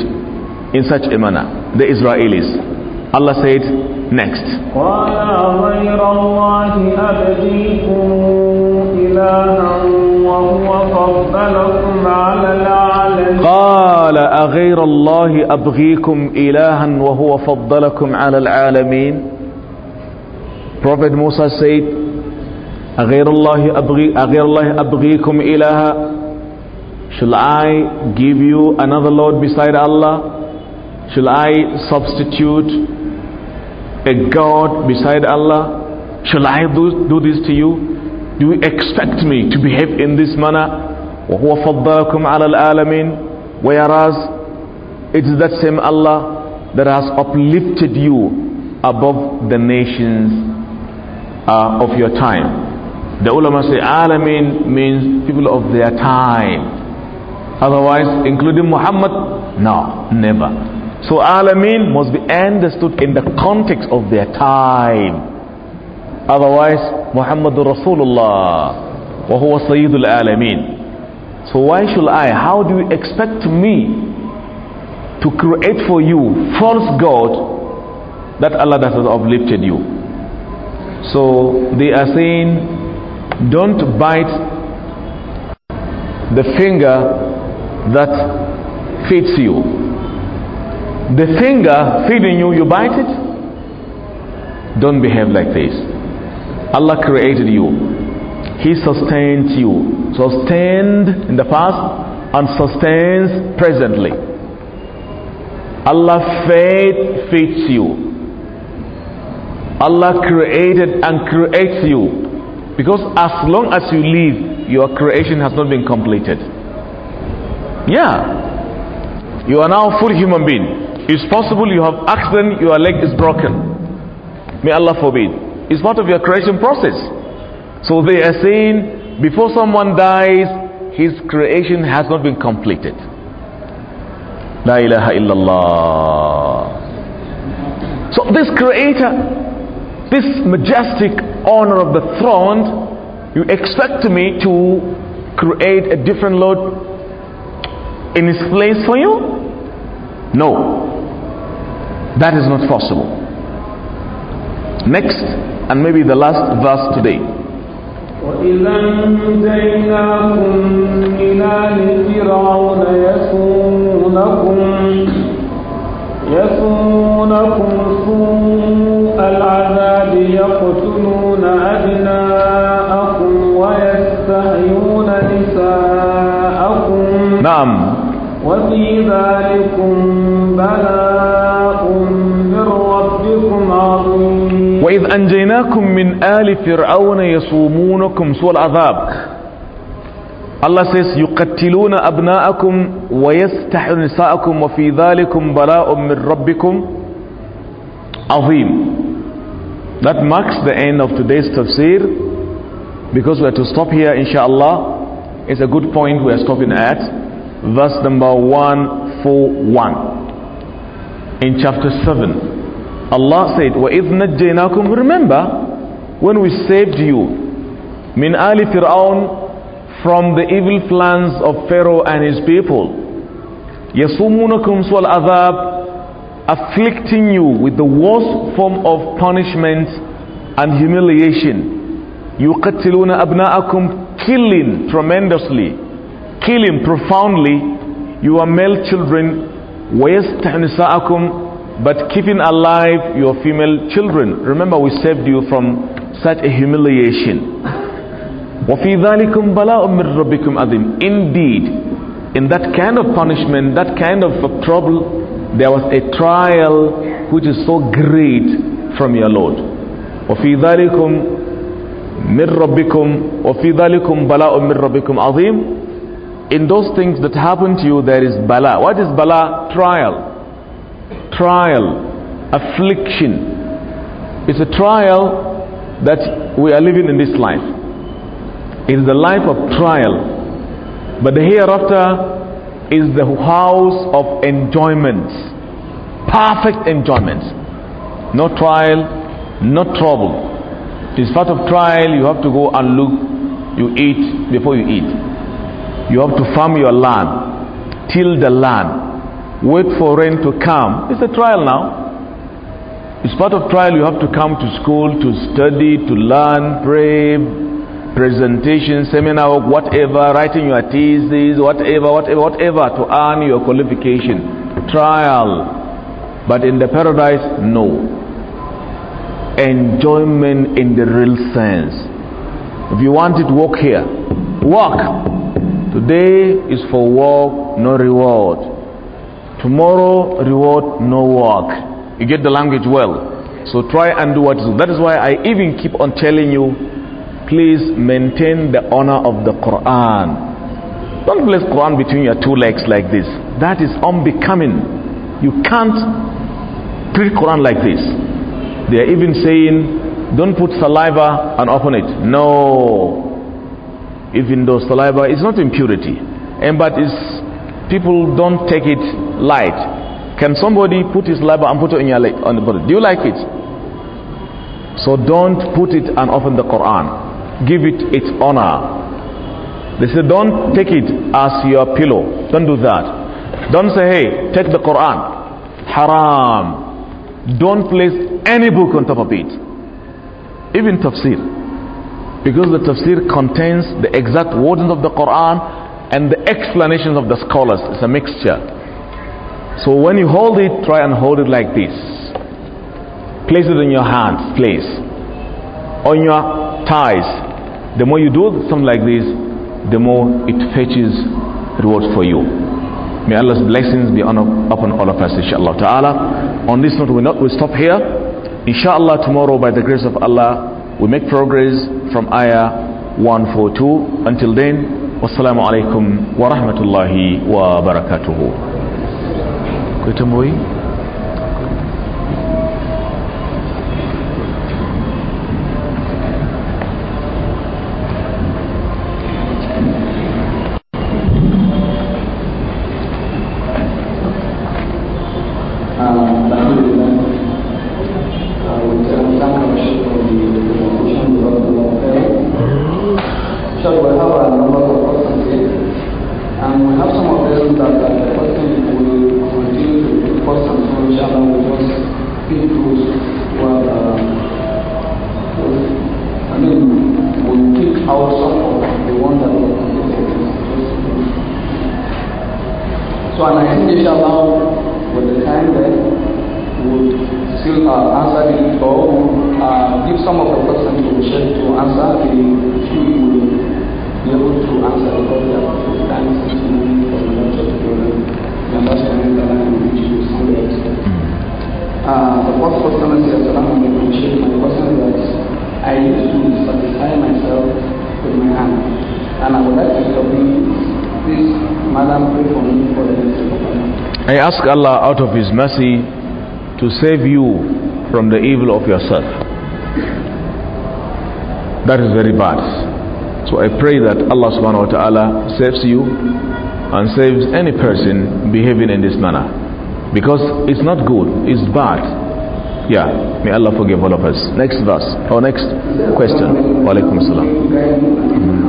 in such a manner, the Israelis. Allah said next قال أغير الله أبغيكم إلها وهو فضلكم على العالمين Prophet Musa said أغير الله, أبغي أغير الله أبغيكم إلها Shall I give you another Lord beside Allah? Shall I substitute a God beside Allah? Shall I do, do this to you? Do you expect me to behave in this manner? وهو فضلكم على العالمين whereas it is that same Allah that has uplifted you above the nations uh, of your time the ulama say alamin means people of their time otherwise including Muhammad no never so alamin must be understood in the context of their time. Otherwise, Muhammadur Rasulullah wa huwa Sayyidul Alameen. So why should I, how do you expect me to create for you false God that Allah has uplifted you? So they are saying, don't bite the finger that feeds you the finger feeding you, you bite it. Don't behave like this. Allah created you. He sustains you. Sustained in the past and sustains presently. Allah fed, feeds you. Allah created and creates you. Because as long as you live, your creation has not been completed. Yeah. You are now full human being. It's possible you have accident, your leg is broken. May Allah forbid. It's part of your creation process. So they are saying before someone dies, his creation has not been completed. La ilaha illallah. So this creator, this majestic owner of the throne, you expect me to create a different Lord in his place for you? No. That is not possible. Next, and maybe the last verse today. وإذا انجيناكم من آل فرعون يسومونكم يسومونكم سوء العذاب يقتلون أبناءكم ويستحيون نساءكم نعم وفي ذلكم بلاء وإذ أنجيناكم من آل فرعون يصومونكم سوء العذاب الله says يقتلون أبناءكم ويستحل نساءكم وفي ذلكم بلاء من ربكم عظيم That marks the end of today's tafsir because we are to stop here inshallah. It's a good point we are stopping at verse number 141 in chapter 7. Allah said, وَإِذْ نَجَّيْنَاكُمْ Remember when we saved you, min ali fir'aun from the evil plans of Pharaoh and his people. يَصُومُونَكُمْ سُوَ الْعَذَابِ Afflicting you with the worst form of punishment and humiliation. يُقَتِّلُونَ أَبْنَاءَكُمْ Killing tremendously, killing profoundly your male children. وَيَسْتَحْنِسَاءَكُمْ but keeping alive your female children. Remember, we saved you from such a humiliation. Indeed, in that kind of punishment, that kind of trouble, there was a trial which is so great from your Lord. وفي ذلكم من ربكم وفي ذلكم بلاء in those things that happen to you there is bala what is bala trial trial, affliction. It's a trial that we are living in this life. It is the life of trial. But the hereafter is the house of enjoyments. Perfect enjoyments. No trial, no trouble. It's part of trial, you have to go and look. You eat before you eat. You have to farm your land, till the land wait for rain to come. It's a trial now. It's part of trial. You have to come to school to study, to learn, pray, presentation, seminar, whatever, writing your thesis, whatever, whatever, whatever, to earn your qualification. Trial. But in the paradise, no. Enjoyment in the real sense. If you want it, walk here. Walk. Today is for work, no reward. Tomorrow, reward, no work. You get the language well. So try and do what is. That is why I even keep on telling you, please maintain the honor of the Quran. Don't place Quran between your two legs like this. That is unbecoming. You can't treat Quran like this. They are even saying, don't put saliva and open it. No. Even though saliva is not impurity, and but it's people don't take it light. Can somebody put his labor and put it in your leg, on the body? Do you like it? So don't put it and open the Quran. Give it its honor. They say don't take it as your pillow. Don't do that. Don't say, hey, take the Quran. Haram. Don't place any book on top of it. Even tafsir. Because the tafsir contains the exact wording of the Quran and the explanations of the scholars. It's a mixture. So when you hold it, try and hold it like this. Place it in your hands, place. On your thighs. The more you do something like this, the more it fetches reward for you. May Allah's blessings be on, upon all of us, inshallah ta'ala. On this note, we not we stop here. Inshallah, tomorrow, by the grace of Allah, we make progress from ayah 142. Until then, والسلام عليكم ورحمة الله وبركاته كنتم one So and I think inshallah with the time that would still uh, answer the or uh, give some of the questions to share to answer the few you will be able to answer because there are two times for the lecture to go and that's the end that I will reach you somewhere else. Uh, the first question is Assalamu alaikum Sheikh. My question is I used to satisfy myself with my hand. And I would like to madam pray for me for the I ask Allah out of His mercy to save you from the evil of yourself. That is very bad. So I pray that Allah subhanahu wa ta'ala saves you and saves any person behaving in this manner. Because it's not good, it's bad. Yeah, may Allah forgive all of us. Next verse or next question. Wa alaikum salam.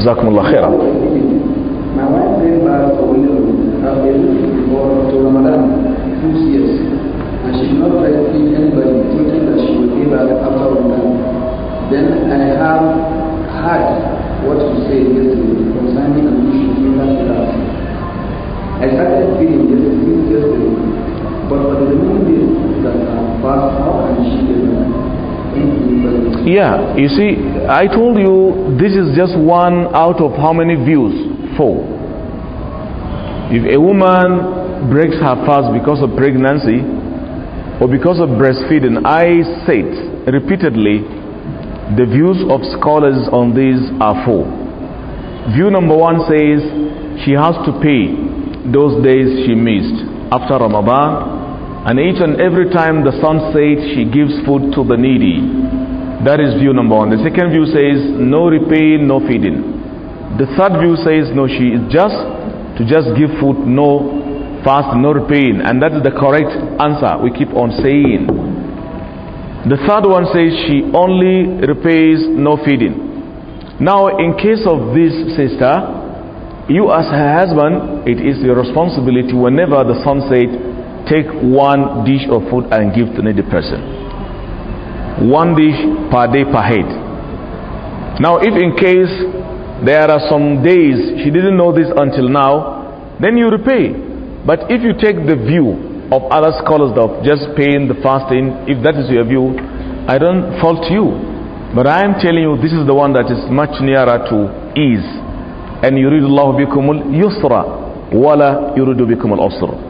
جزاكم الله خيرا Then I have heard what you said yesterday concerning an issue in that class. I started feeling yesterday, yesterday, but for the moment that I passed, how can she get that? Yeah, you see, I told you this is just one out of how many views? Four. If a woman breaks her fast because of pregnancy or because of breastfeeding, I said repeatedly the views of scholars on these are four. View number one says she has to pay those days she missed after Ramadan and each and every time the sun sets, she gives food to the needy. That is view number one. The second view says, no repaying, no feeding. The third view says, no, she is just to just give food, no fast, no repaying. And that is the correct answer we keep on saying. The third one says, she only repays, no feeding. Now, in case of this sister, you as her husband, it is your responsibility whenever the sun sets take one dish of food and give to needy person. One dish per day per head. Now, if in case there are some days she didn't know this until now, then you repay. But if you take the view of other scholars of just paying the fasting, if that is your view, I don't fault you. But I am telling you, this is the one that is much nearer to ease. And you read Allah bikumul yusra, wala yuridu bikumul usra.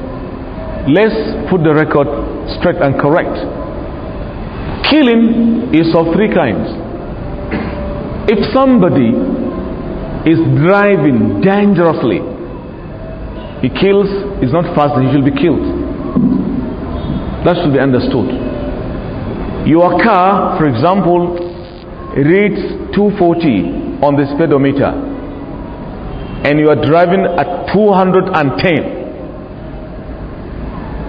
let's put the record straight and correct. Killing is of three kinds. If somebody is driving dangerously, he kills, is not fast, he should be killed. That should be understood. Your car, for example, reads 240 on the speedometer, and you are driving at 210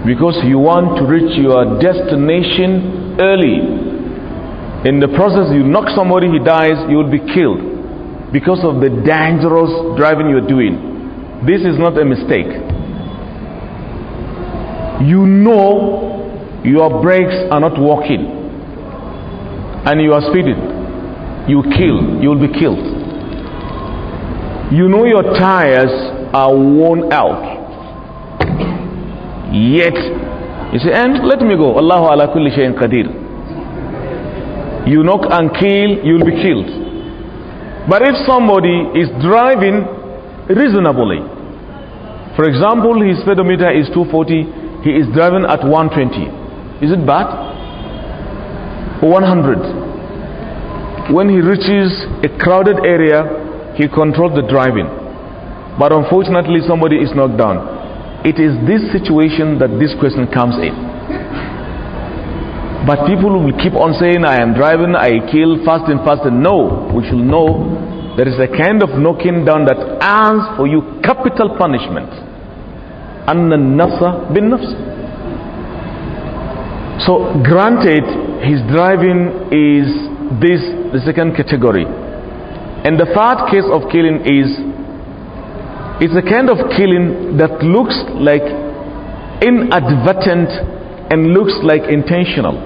because you want to reach your destination early. In the process, you knock somebody, he dies, you will be killed because of the dangerous driving you're doing. This is not a mistake. You know your brakes are not working and you are speeding. You kill, you will be killed. You know your tires are worn out Yet, you say, and let me go. Allahu ala kulli shayin qadir. You knock and kill, you'll be killed. But if somebody is driving reasonably, for example, his speedometer is 240, he is driving at 120. Is it bad? 100. When he reaches a crowded area, he controls the driving. But unfortunately, somebody is knocked down it is this situation that this question comes in but people will keep on saying i am driving i kill fast and fast and no we should know there is a kind of knocking down that earns for you capital punishment anna nafsa bin nafs so granted his driving is this the second category and the third case of killing is it's a kind of killing that looks like inadvertent and looks like intentional.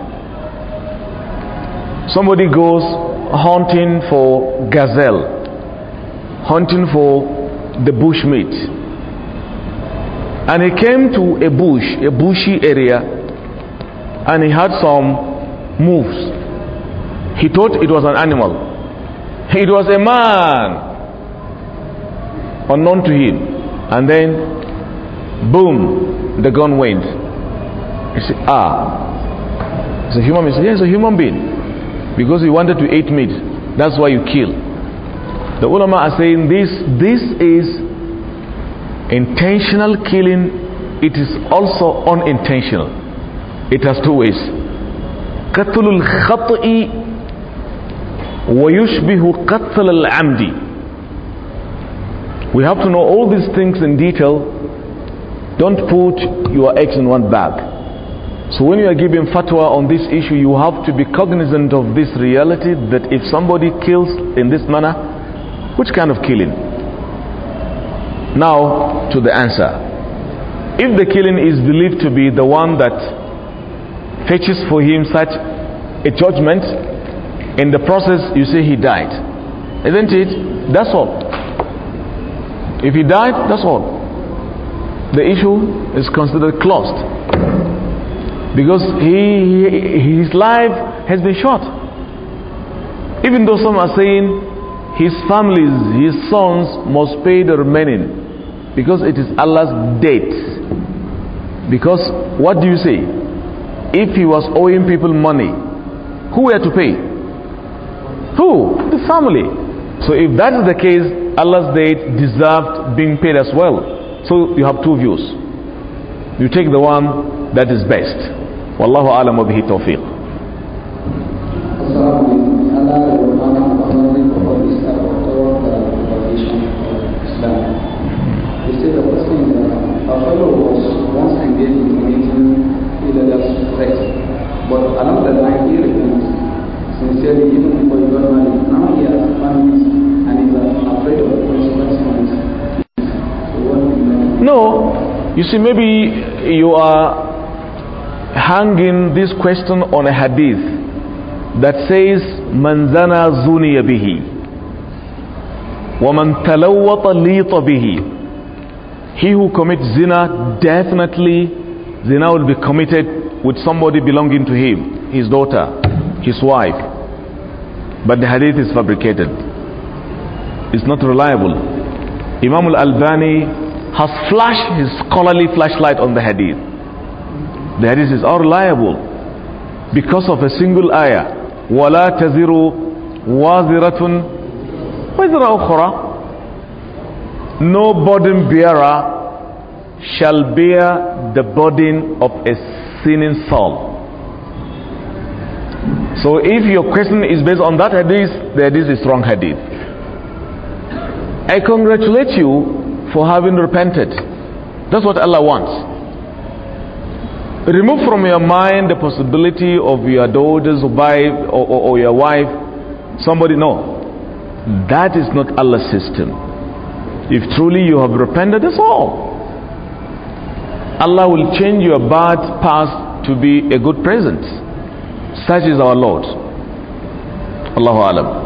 Somebody goes hunting for gazelle, hunting for the bush meat. And he came to a bush, a bushy area, and he had some moves. He thought it was an animal. It was a man unknown to him. And then, boom, the gun went. He said, ah. It's a human being. Yes, yeah, a human being. Because he wanted to eat meat. That's why you kill. The ulama are saying this, this is intentional killing. It is also unintentional. It has two ways. قتل الخطئ ويشبه قتل العمد we have to know all these things in detail. Don't put your eggs in one bag. So when you are giving fatwa on this issue, you have to be cognizant of this reality that if somebody kills in this manner, which kind of killing? Now to the answer. If the killing is believed to be the one that fetches for him such a judgment, in the process you say he died. Isn't it? That's all. If he died, that's all. The issue is considered closed because he, he his life has been short. Even though some are saying his families, his sons must pay the remaining because it is Allah's debt. Because what do you say? If he was owing people money, who were to pay? Who? The family. So if that is the case, Allah's date deserved being paid as well. So you have two views. You take the one that is best. Wallahu alam bihi tawfiq. see, maybe you are hanging this question on a hadith that says, "Manzana zana zuniya bihi, wa bihi. He who commits zina, definitely zina will be committed with somebody belonging to him, his daughter, his wife. But the hadith is fabricated. It's not reliable. Imam al-Albani has flashed his scholarly flashlight on the hadith. The hadith is reliable because of a single ayah. وَلَا تَزِرُ وَازِرَةٌ وَزِرَ أُخْرَى No burden bearer shall bear the burden of a sinning soul. So if your question is based on that hadith, the hadith is wrong hadith. I congratulate you for having repented. That's what Allah wants. Remove from your mind the possibility of your daughter's wife or, or, or your wife, somebody, no. That is not Allah's system. If truly you have repented, that's all. Allah will change your bad past to be a good present. Such is our Lord. Allahu Alam.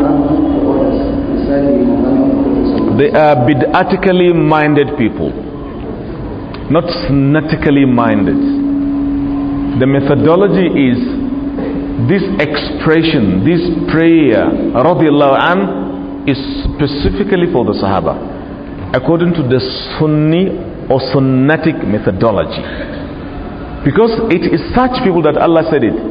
They are bid'atically minded people, not sunnatically minded. The methodology is this expression, this prayer, an, is specifically for the Sahaba, according to the Sunni or Sunnatic methodology. Because it is such people that Allah said it.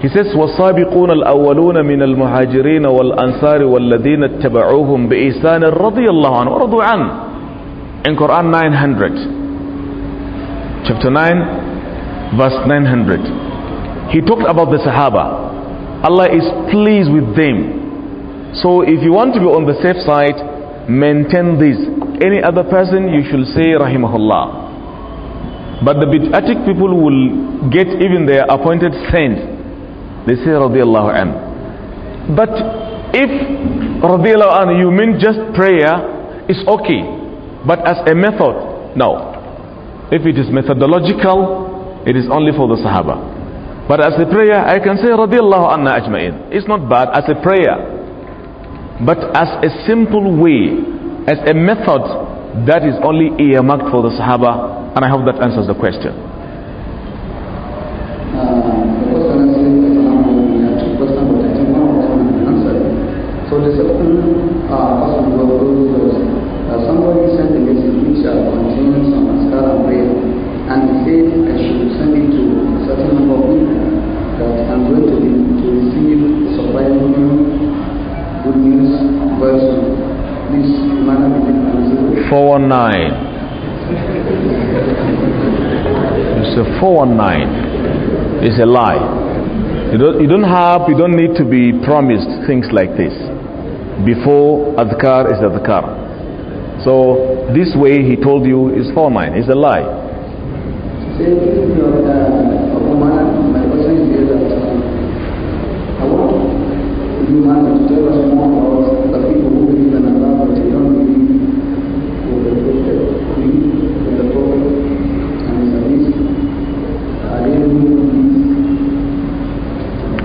He says, الْأَوَّلُونَ مِنَ الْمُهَاجِرِينَ وَالْأَنصَارِ وَالَّذِينَ اتَّبَعُوهُمْ بِإِحْسَانٍ رَضِيَ اللَّهُ عَنْهُمْ وَرَضُوا عَنْهُ In Quran 900, chapter 9, verse 900. He talked about the Sahaba. Allah is pleased with them. So if you want to be on the safe side, maintain this. Any other person, you should say, Rahimahullah. But the bid'atic people will get even their appointed saint they say radiallahu an. But if radiallahu an you mean just prayer, it's okay. But as a method, no. If it is methodological, it is only for the Sahaba. But as a prayer, I can say radiallahu anna ajma'in. It's not bad as a prayer. But as a simple way, as a method, that is only earmarked for the Sahaba. And I hope that answers the question. Four nine. 419 it's a 419 it's a lie you don't, you don't have, you don't need to be promised things like this. Before adhkar is adhkar. So this way he told you is four nine. it's a lie. I want you to tell us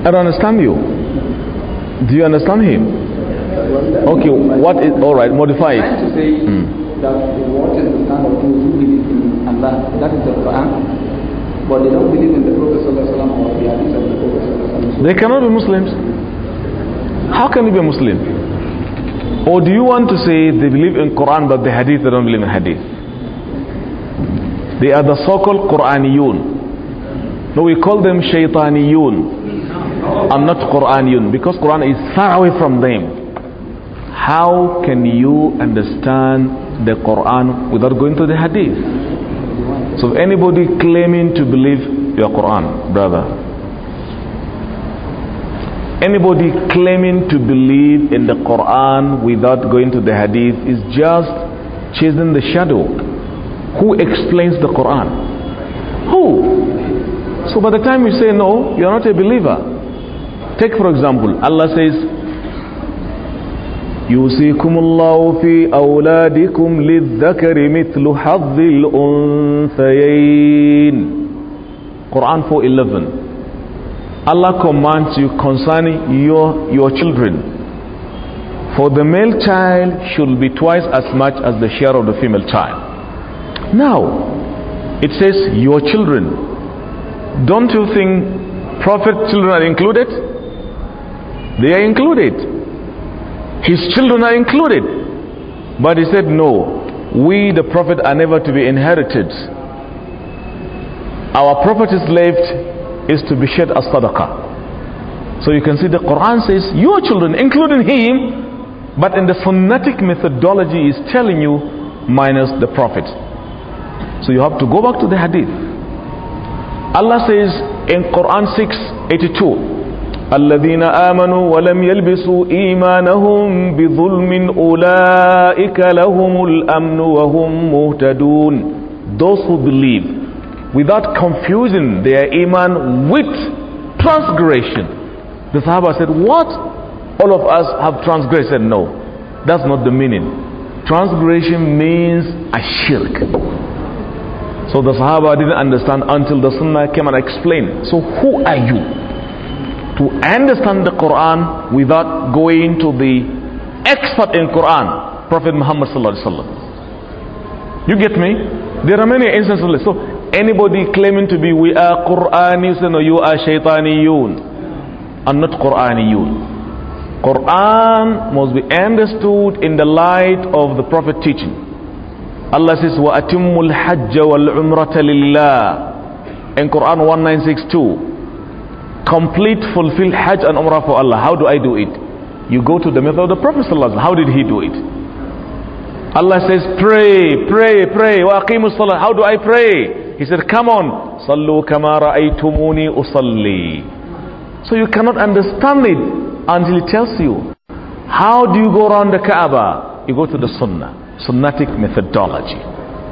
I don't understand you. Do you understand him? Okay, what is all right? Modify it. Mm. that the what is the standard of those who believe in Allah. That is the Quran, but they don't believe in the Prophet or the Hadith of the Prophet. They cannot be Muslims. How can you be a Muslim? Or do you want to say they believe in Quran but the Hadith they don't believe in Hadith? They are the so-called Quraniyun. No, we call them Shaitaniyun are not Quranian because Quran is far away from them. How can you understand the Quran without going to the Hadith? So anybody claiming to believe your Quran, brother, anybody claiming to believe in the Quran without going to the Hadith is just chasing the shadow. Who explains the Quran? Who? So by the time you say no, you're not a believer. Take for example, Allah says, يوصيكم الله في أولادكم للذكر مثل حظ الأنثيين Quran 4.11 Allah commands you concerning your, your children for the male child should be twice as much as the share of the female child now it says your children don't you think prophet children are included they are included. His children are included. But he said, No, we, the prophet, are never to be inherited. Our prophet left is to be shed as sadaqah. So you can see the Quran says, Your children, including him, but in the phonetic methodology, is telling you minus the prophet. So you have to go back to the hadith. Allah says in Quran 6 82. الذين آمنوا ولم يلبسوا إيمانهم بظلم أولئك لهم الأمن وهم مهتدون Those who believe without confusing their iman with transgression. The Sahaba said, what? All of us have transgressed. no, that's not the meaning. Transgression means a shirk. So the Sahaba didn't understand until the Sunnah came and explained. So who are you? to understand the Quran without going to the expert in Quran, Prophet Muhammad You get me? There are many instances. So anybody claiming to be we are Quranis and you are shaitaniyun are not Quraniyun. Quran must be understood in the light of the Prophet teaching. Allah says, "Wa hajj wal وَالْعُمْرَةَ لِلَّهِ In Quran 1962, complete, fulfill Hajj and Umrah for Allah. How do I do it? You go to the method of the Prophet How did he do it? Allah says, pray, pray, pray. How do I pray? He said, come on. salu كَمَا aitumuni أُصَلِّي So you cannot understand it until He tells you. How do you go around the Kaaba? You go to the Sunnah, Sunnatic methodology.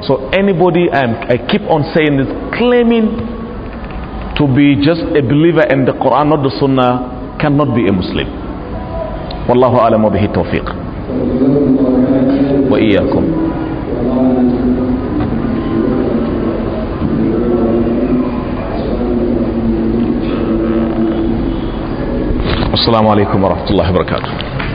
So anybody, I'm, I keep on saying this, claiming to be just a believer in the Quran, not the Sunnah, cannot be a Muslim. والله أعلم وبه التوفيق وإياكم السلام عليكم ورحمة الله وبركاته